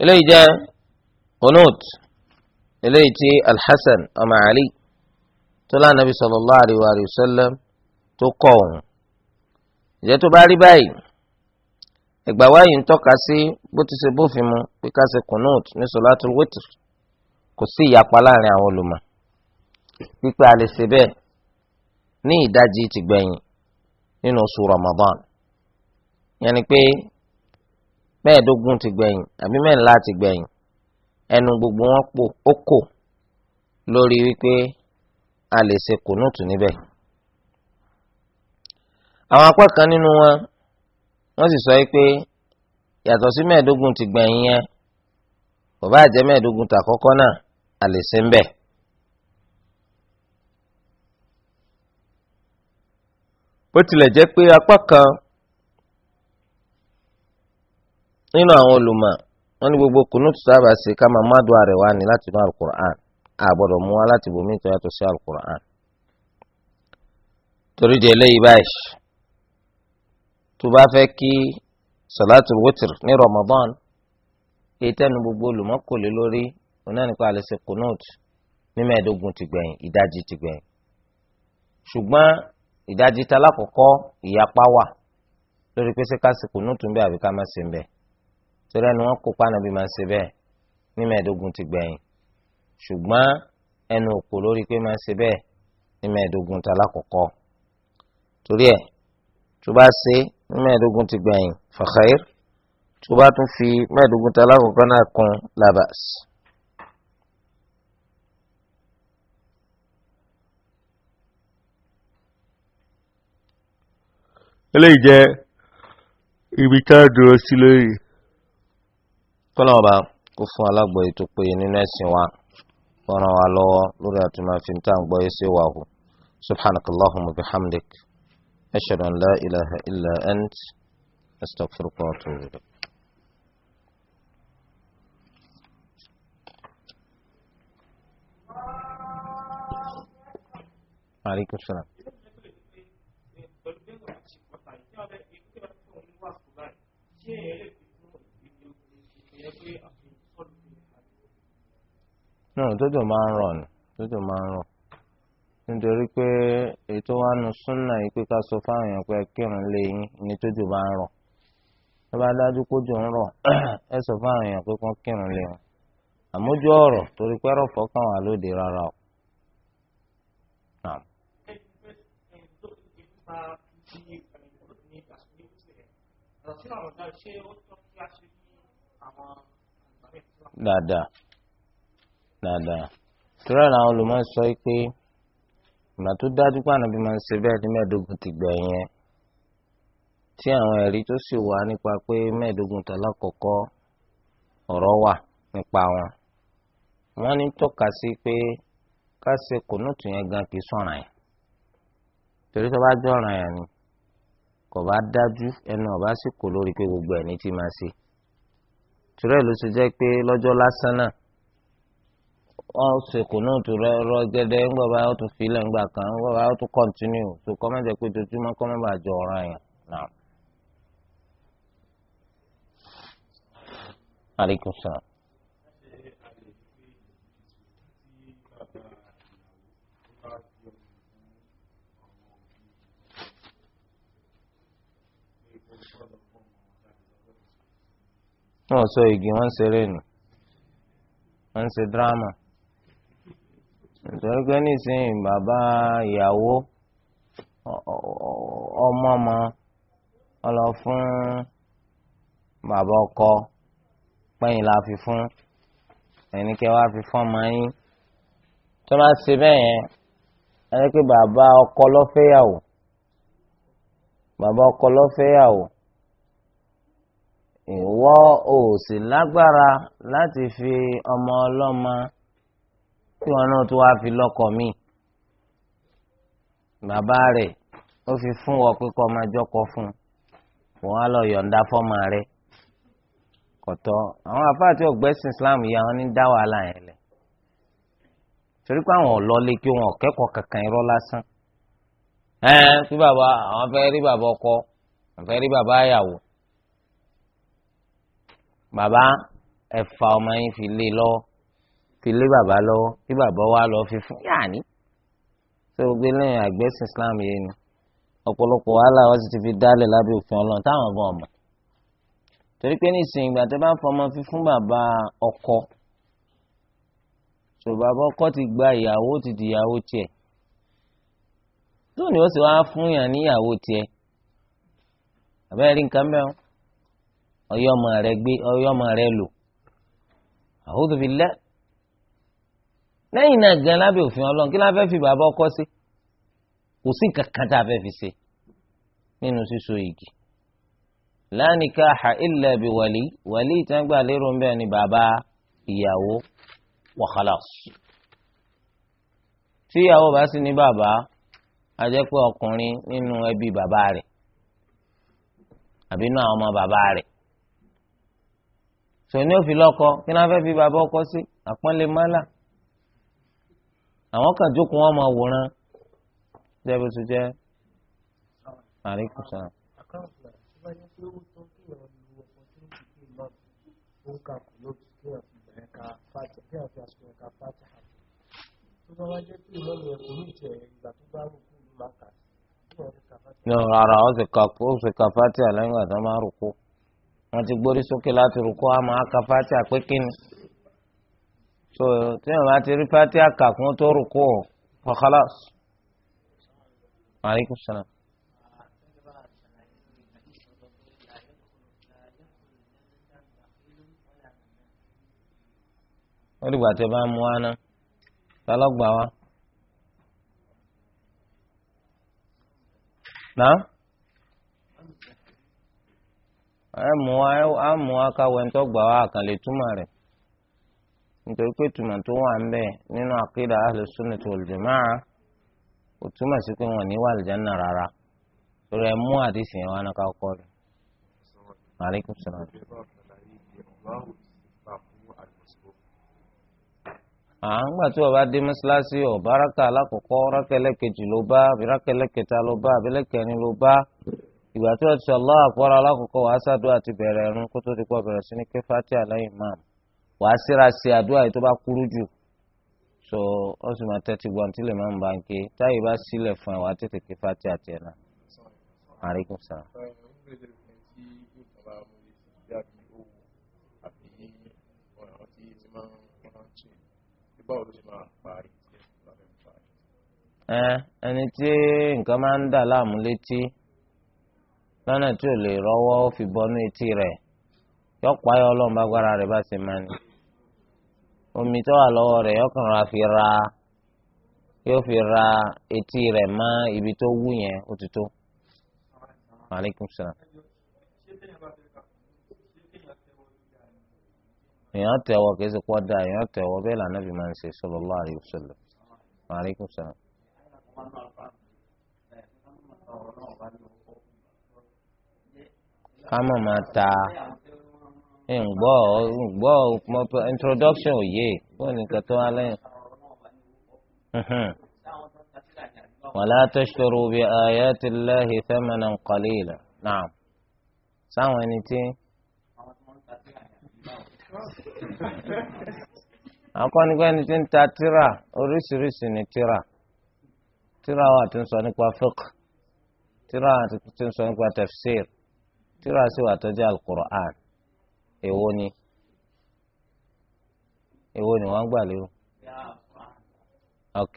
إليه جاء قنوت eléyìí tí alḥasan ọmọ ali tó lá nàbí sallallahu alaihi wa sallam tó kọ òun ìjẹ́ tó bá rí báyìí ẹgbà wáyé ń tọ́ka sí bó ti ṣe bófin mu pé ká ṣe kùnúùtù ní sọláàtú wítìr kò sí ìyapa láàrin àwọn olùmọ̀ pípé a ṣe bẹ́ẹ̀ ní ìdajì ti gbẹ̀yìn nínú oṣù Ramadan yẹn ni pé mẹ́ẹ̀ẹ́dógún ti gbẹ̀yìn àbí mẹ́ẹ̀ńlá ti gbẹ̀yìn ẹnu gbogbo wọn po ó kò lórí wípé a lè ṣe kùnúùtù níbẹ̀. àwọn apá kan nínú wọn wọn sì sọ pé yàtọ̀ sí mẹ́ẹ̀ẹ́dógún ti gbẹ̀yìn yẹn kò bá jẹ́ mẹ́ẹ̀ẹ́dógún tàkọ́kọ́ náà a lè ṣe ń bẹ̀. bó tilẹ̀ jẹ́ pé apá kan nínú àwọn olùmọ̀ wọ́n ní gbogbo kunutu sábà ṣe ká máa má dùn àrẹwà ni láti inú alukur'an àgbọ̀dọ̀ mú wa láti bòmí tó yàtọ̀ sí alukur'an. torí de eléyìí báyìí tó bá fẹ́ kí sọ̀láàtù wítìr ní Ramadan èyí tẹ́nu gbogbo olùmọ́kòlé lórí onáníkọ́ àlẹ́sẹ̀ kunutu ní mẹ́ẹ̀ẹ́dógún ti gbẹ̀yìn ìdajì ti gbẹ̀yìn ṣùgbọ́n ìdajì talákọ̀ọ́kọ́ ìyapa wà lórí pé ṣé ká ṣe kunutu ń bẹ àbí ká má ṣe ń bẹ́ẹ̀ torí ẹnu wọn kópa nàbí máa ń ṣe bẹ́ẹ̀ ní mẹ́ẹ̀ẹ́dógún ti gbẹ̀yìn ṣùgbọ́n ẹnu òkò lórí pé máa ń ṣe bẹ́ẹ̀ ní mẹ́ẹ̀ẹ́dógún ti alákọ̀ọ́kọ́ torí ẹ̀ tó bá ṣe ní mẹ́ẹ̀ẹ́dógún ti gbẹ̀yìn fa khair tó bá tún fi mẹ́ẹ̀ẹ́dógún ti alákọ̀ọ́kọ́ náà kún labas. eléyìí jẹ́ ibi tá a dúró sí lórí kọ́lọ́ọ̀bá kó fún alágbọ̀ye tó péye nínú ẹ̀sìn wa fọ́nrán wa lọ́wọ́ lórí àtúmáfíntà ń gbọ́ yé sí wàhù subhanakallahumma bihamdik ashhadu an la ilaha illa ant astaghfiruka wa náà tójò máa ń rọ̀ ni tójò máa ń rọ̀ nítorí pé ètò wa nu súnà yìí pé ká sọ fáwọn èèyàn pé kírun lé yín ní tójò bá ń rọ̀ tó bá dájú kójò ń rọ̀ ẹ sọ fáwọn èèyàn pé kán kírun lé wọn àmójú ọ̀rọ̀ torí pé rọ̀fọ̀ kan wà lóde rárá o. Gracias dáadáa dáadáa tura làwọn olùmọ̀ sọ pé ìgbà tó dájú pé ànábì máa ń ṣe bẹ́ẹ̀ ní mẹ́ẹ̀ẹ́dógún ti gbẹ̀ yẹn tí àwọn ẹ̀rí tó sì wà nípa pé mẹ́ẹ̀ẹ́dógún tọ́lá kọ̀ọ̀kọ́ ọ̀rọ̀ wà nípa wọn wọ́n ní tọ́ka sí pé ká ṣe kùnúùtù yẹn gan kì í sọ̀ràn yẹn torí tó bá jọ̀ràn yẹn ni kò bá dájú ẹnu ọ̀bá sì kò lórí pé gbogbo ẹ̀ ní ti máa ṣe tìrẹ ló ṣe jẹ́ pé lọ́jọ́ lásán náà ọ ṣèkò náà tó rọ gẹdẹ ńgbà bá yọ tó filẹ ńgbà kan ńgbà bá yọ tó kọntínú tó kọmẹjẹ pé dojúmọ́ kọmẹbà jọ ọ̀ràn yẹn náà. Aleykum salaam. wọ́n sọ igi wọ́n ń ṣeré nù wọ́n ń ṣe dírámà nítorí pé nísìnyí bàbá ìyàwó ọmọ ọmọ ọlọ fún bàbá ọkọ pẹ́yìn la fi fún ẹni kẹ́ wá fi fún ọmọ yín tó bá ṣe bẹ́ẹ̀ yẹn ẹni pé bàbá ọkọ lọ́fẹ́yàwó bàbá ọkọ lọ́fẹ́yàwó ìwọ ò sì lágbára láti fi ọmọ ọlọ́mọ kí wọn náà tó wá fi lọ́kọ mi bàbá rẹ̀ ó fi fún ọ pé kọ́ ọmọ àjọkọ fún wọn á lọ yọ̀ǹda fọ́mọ rẹ̀ kọ̀tọ́ àwọn àfáà tí ọ̀gbẹ́sìn Islam yìí àwọn ní dá wàhálà yẹn lẹ̀ torí pé àwọn ọ̀lọ́lé kí wọn ọ̀kẹ́kọ̀ọ́ kankan irọ́ lásán ẹ kí bàbá àwọn fẹ́ rí bàbá ọkọ àwọn fẹ́ rí bàbá àyàwó Baba, ẹ fa ọmọ yín fi lé lọ́wọ́ fi lé bàbá lọ́wọ́ tí bàbá wa lọ fi fún yáàní tó gbé lẹ́yìn àgbẹ̀sìn Islam yẹn ni ọ̀pọ̀lọpọ̀ wàhálà wọn sì ti fi dálẹ̀ lábẹ́ òfin Ọlọ́run táwọn gan ọmọ torí pé nísìnyí ìgbà tó bá fọmọ fi fún bàbá ọkọ tó bàbá ọkọ ti gba ìyàwó ti di ìyàwó tiẹ̀ lónìí ó sì wá fún yàn ní ìyàwó tiẹ̀ àbẹ́rẹ́ nǹkan bẹ́ẹ̀ ọyọ́ ọmọ rẹ gbé ọyọ́ ọmọ rẹ lò a'udhu billah lẹ́yìn náà gan lábẹ́ òfin ọlọ́run kí la fẹ́ fi bàbá ọkọ sí kò sí kankan tá a fẹ́ fi ṣe nínú síso igi la nikaha illa bi wali wali ìtẹ́gbà lérò ń bẹ́ẹ̀ ni bàbá ìyàwó wa tí ìyàwó bá sì ní bàbá a jẹ́ pé ọkùnrin nínú ẹbí bàbá rẹ̀ àbínú àwọn ọmọ bàbá rẹ̀ sèní òfin lọkọ kí náà fẹ́ fi bàbá ọkọ sí àpọ́nlé mọ́là àwọn kan jókòó wọn máa wòran jẹ́bi tó jẹ́ àríkùsà. No, rárá, ó sì kà fátì àlẹ́ ńgbà tó máa rò wọn ti gbórí sókè láti rúkọ àmọ́ aka fati àpékinni so tíyẹn bá ti rí fati àkàkùn tó rúkọ fa khalas. Alaikum salaam. wọ́n dìgbà tí o bá mú aná ta ló gbà wá. náà. àmú aka ń tọ́gbà wá àkànlè túmọ̀ rẹ̀ nítorí pé túmọ̀ tó wà ń bẹ̀ nínú àkídà ahlus sunnati wal jamaa kò túmọ̀ sí pé wọ́n ní wà rárá rẹ̀ mú àdìsí yẹn wá náà rẹ̀. ọba dé mọ́ṣáláṣí ọ̀bá rákà alákọ̀ọ́kọ́ rákẹ́lẹ́kejì ló bá rákẹ́lẹ́kẹta ló bá ìgbà tí wọ́n ti Allah akbar alákòókò wàá sàdúrà ti bẹ̀rẹ̀ ẹ̀rún kó tó ti pọ̀ bẹ̀rẹ̀ sí ní ké fatia lẹ́yìn imam wàá síra sí àdúrà yìí tó bá kúrú jù so ó sì máa tẹ́tí gbọ́n tí lè máa ń bá ń ké táyì bá sílẹ̀ fún ẹ wàá tètè ké fatia tiẹ̀ náà. alaikum salaam. ẹ ẹni tí nǹkan máa ń dà láàmú létí lọ́nà tí ò lè rọ́wọ́ ó fi bọ́nú etí rẹ̀ yọ payọ́ ọlọ́run bá gbára rẹ̀ bá ṣe máa ní. omi tó wà lọ́wọ́ rẹ̀ yọ kàn ra fi ra yóò fi ra etí rẹ̀ mọ́ ibi tó wú yẹn ó ti tó. maaleykum salaam. èèyàn tẹ̀wọ̀ kì ṣe pọ́ dáa èèyàn tẹ̀wọ̀ bẹ́ẹ̀ lànà bí máa ń ṣe sallallahu alaihi wasallam. maaleykum salaam ká má máa ta ǹgbọ́ ǹgbọ́ introduction òye bó nìkan tó wá lẹ́yìn. ولا تشتروا بآيات الله ثمنا قليلا نعم sáwọn ẹni tí akọ́nigbá ẹni tí ń ta tíra oríṣiríṣi ni tíra tíra wà tí ń sọ nípa fiqh tíra wà tí ń sọ nípa tafsir tíra sí wà tó jẹ́ alukur'an èwo ni èwo ni wọ́n gbà lérò ok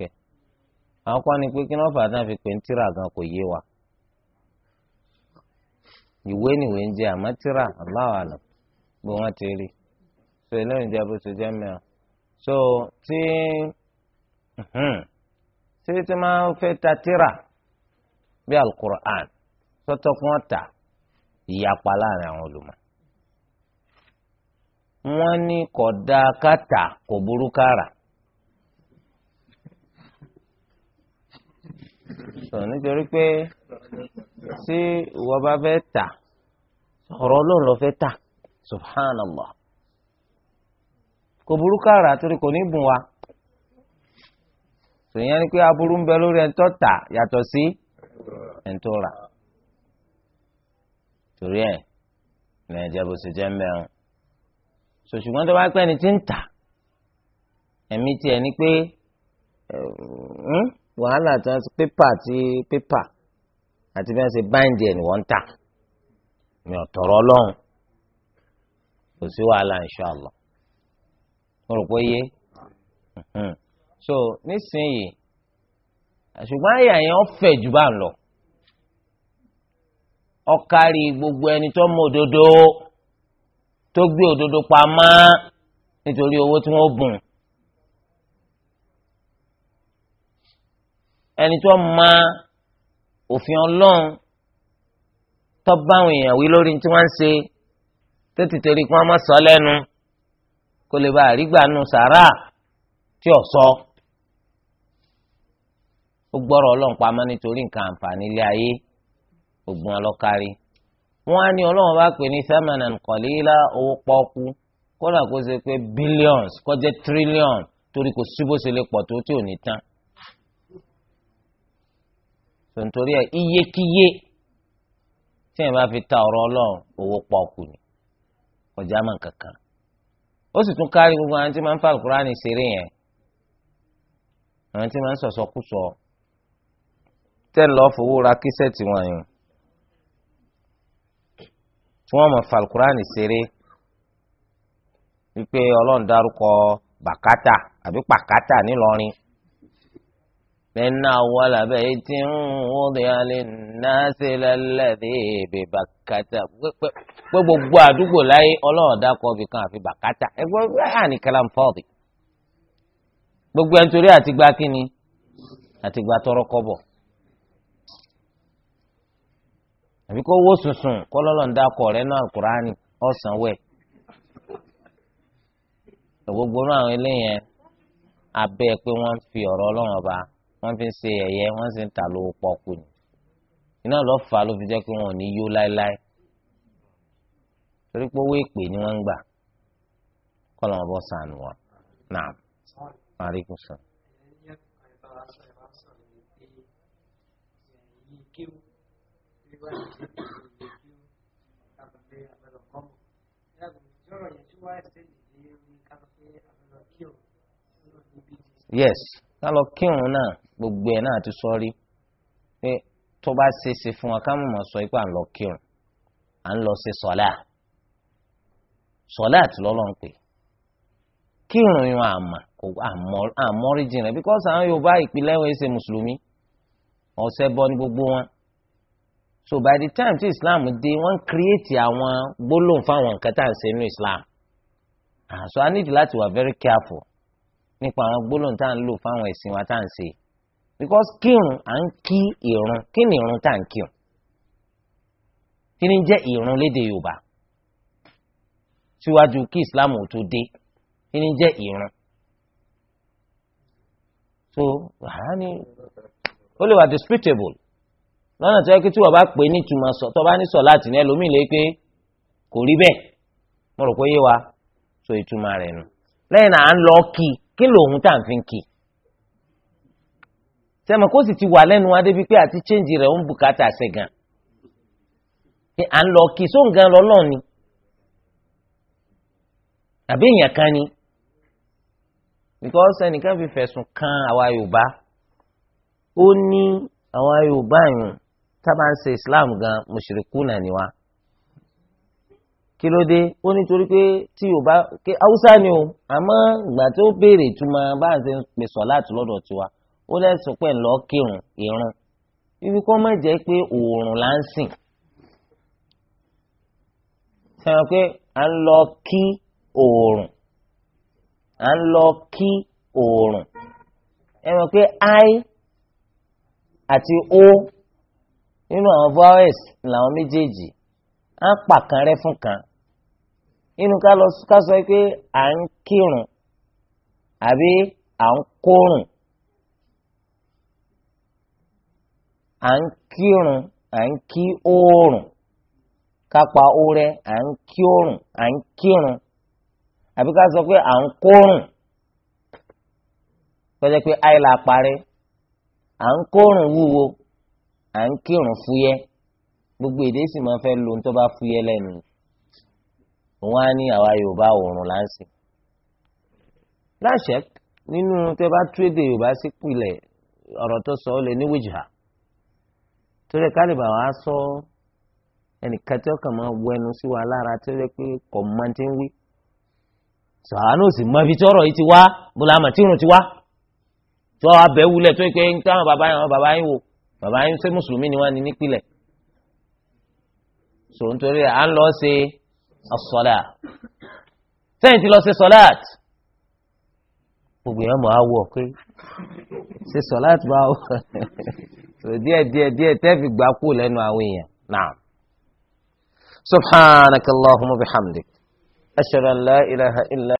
àwọn kan ní pé kí wọ́n fàá náà fi pè ní tíra gan kò yé wa ìwé nìwé ń jẹ àmọ́ tíra Allahu bí wọ́n ti rí so eléyìí jẹ́ bó ṣe jẹ́ mẹ́rin so tí tí tí máa ń fẹ́ ta tíra bí alukur'an sọ́tọ́ kún ọ̀tà. So, ìyapa láàrin àwọn olùmọ̀ wọ́n ní kódà kàtà kò burú kára sọ nítorí pé tí ìwọ bá fẹ́ tà ọ̀rọ̀ Ọlọ́run ló fẹ́ tà subhanallah kò burú kára torí kò ní bùn wa sèyàn ni pé aburú ń bẹ lórí ẹ̀ńtọ́ tà yàtọ̀ sí ẹ̀ńtọ́ rà torí ẹ̀ ní ẹ̀jẹ̀ bó ṣe jẹ́ mẹ́rin ṣòṣùgbọ́n tó bá pẹ́ ni ti ń tà ẹ̀mí tiẹ̀ ni pé hm, wàhálà tí wọ́n ti pépà ti pépà àti bí wọ́n ṣe báyìndì ẹ̀ ni wọ́n ń tà mi ò tọ̀rọ̀ ọlọ́run kò sí wàhálà inṣàlá mo rò pé yé hm, hm. so nísìnyí ṣùgbọ́n àyà yẹn ń fẹ̀ jù bá lọ ọkàrí gbogbo ẹni tó mọ òdodo tó gbé òdodo pamọ́ nítorí owó tí wọ́n bùn. ẹni tó mọ òfin ọlọ́run tó bá àwọn èèyàn wí lórí tí wọ́n ń ṣe tó ti torí kí wọ́n mọ̀ sọ lẹ́nu kó lè bá àrígbà nu sàrà tí ò sọ. ó gbọ́rọ̀ ọlọ́run pamọ́ nítorí nǹkan àǹfààní ilé ayé ògùn ọlọ́kárí wọ́n á ní ọlọ́run bá pè ní samanan kọ̀lílá owó pọ́ọ́kú kódà kó ṣe pé billions kó jẹ́ trillion torí kò sí bó ṣe lè pọ̀ tó tí ò ní tán tontori ẹ iyekíye tí yẹn bá fi ta ọ̀rọ̀ ọlọ́run owó pọ́ọ́kú ni ọjà máa ń kankan ó sì tún kárí gbogbo àwọn tí máa ń fa alukurani ṣeré yẹn àwọn tí máa ń sọ̀sọ̀ kú sọ tẹ́ ń lọ́ọ́ fowó ra kíṣẹ́ẹ̀tì wọn yẹn tí wọ́n mọ̀ falkurani ṣeré wípé ọlọ́run dárúkọ bàkátà àbí pàkátà ńìlọrin mẹ́nà wọlé bẹ́ẹ̀ tí ń wọ́dẹ̀ alẹ́ náà ṣe lẹ́lẹ́dẹ́ bẹ́ẹ̀ bàkátà pé gbogbo àdúgbò láyé ọlọ́run dákọ̀ bí kan àfi bàkátà ẹgbẹ́ ráyà ní kalam fọ́ọ̀dì gbogbo ẹni torí àtìgbà kínni àtìgbà tọrọ kọ́bọ̀ àbí kó wó sùnsùn kó lọ́lọ́ ń dakọ̀ rẹ náà kúránì ọ̀sán wẹ̀. gbogbo náà àwọn eléyẹn abẹ́ pé wọ́n fi ọ̀rọ̀ ọlọ́run ọba wọ́n fi ń ṣe ẹ̀yẹ wọ́n sì ń ta lówó pọ́kù ni iná lọ fà á ló fi jẹ́ pé wọn ò ní yó láéláé torí pé owó èpè ni wọ́n ń gbà kọ́ lọ́wọ́ bọ́ sànù wọn náà. yes ká lọ kírun náà gbogbo ẹ náà ti sọ rí pé tó bá ṣe ṣe fún wa ká mọ̀ mọ̀ sọ pé à ń lọ kírun à ń lọ ṣe sọlá sọlá àti lọ́lọ́run pé kírun yun àmà kò àmọ́ríjìn rẹ̀ because àwọn Yorùbá ìpínlẹ̀ wọn ṣe mùsùlùmí ọ̀sẹ̀ bọ́ ní gbogbo wọn so by the time tí islam dé wọ́n create àwọn gbólóhùn fáwọn nǹkan tá à ń ṣe nínú islam ah so i need láti wà very careful nípa àwọn gbólóhùn tá à ń lò fáwọn ẹ̀sìn wa tá à ń ṣe because kírun à ń kí ìrun kí ni ìrun tá à ń kírun kí ni jẹ́ ìrun léde yorùbá síwájú kí islam ò tó dé kí ni jẹ́ ìrun so wàhání ó lè wà disputable. lọ́nà tó yẹ kí tí wọ́n bá pè é nítumọ̀ sọ tó bá ní sọ láti ní ẹlòmíì lé pé kò rí bẹ́ẹ̀ mo rò pé yé wa sọ ìtumọ̀ rẹ̀ nù lẹ́yìn náà à ń lọ kí kí lòun tá à ń fi kí sẹ́mi kó sì ti wà lẹ́nu wa débi pé àti chẹ́ǹjì rẹ̀ ń bùkátà ṣe gan pé à ń lọ kí ni àbí èèyàn kan ni because ẹnìkan fi fẹ̀sùn kan àwa Yorùbá ó ní àwa Yorùbá yìí tábà ń ṣe islam gan mùṣìríkù náà ni wá kí ló dé ó nítorí pé tí yorùbá ké haúsá ni o àmọ́ ìgbà tó béèrè ìtumọ̀ bá a ṣe ń pè sọ láti lọ́dọ̀ tiwa ó lẹ́sùn pẹ̀ lọ́ọ́ kírun ìrun ibi kọ́ mọ̀ jẹ́ pé òòrùn là ń sìn sẹ́wọ̀n pé à ń lọ kí òòrùn à ń lọ kí òòrùn ẹ mọ̀ pé i àti o. nínú àwọn vowels làwọn méjèèjì á ń pàkan rẹ fún kan nínú ká lọ ká sọ pé à ń kírun àbí à ń kórùn à ń kírun à ń kí oòrùn à kí oòrùn à ń kírun àbí ká sọ pé à ń pé àìlà parí à ń wúwo. à ń kírun fúyẹ́ gbogbo èdè sì máa fẹ́ lo nítorí bá fúyẹ́ lẹ́nu wọn á ní àwa yorùbá òòrùn là ń sè láṣẹ nínú tẹ bá tú èdè yorùbá sí pilẹ̀ ọ̀rọ̀ tó sọ ọ lè níwèjìhà torí kálíbà wa sọ ẹnìkan tí ọkàn máa wọ ẹnu sí wa lára tó yẹ pé kò mọ ti ń wí sàánù sì mọ ibi tí ọ̀rọ̀ yìí ti wá bùlámà tí irun ti wá tí ọ abẹ wulẹ̀ tó yẹ pé ń táwọn bàbá yẹn wọn bàbá yẹn wò bàbá yín ṣé mùsùlùmí ni wọ́n ní nípìlẹ̀ so nítorí à ń lọ ṣe asọ́lá sẹ́yìn tí lọ ṣe sọ́láàt gbogbo yẹn mọ̀ á wọ̀ pé ṣe sọ́láàt bá wọ̀ so díẹ̀ díẹ̀ díẹ̀ tẹ́fì gbà kú lẹ́nu àwọn èèyàn náà subhanakallahumma bihamdik ashhadu la ilaha illa.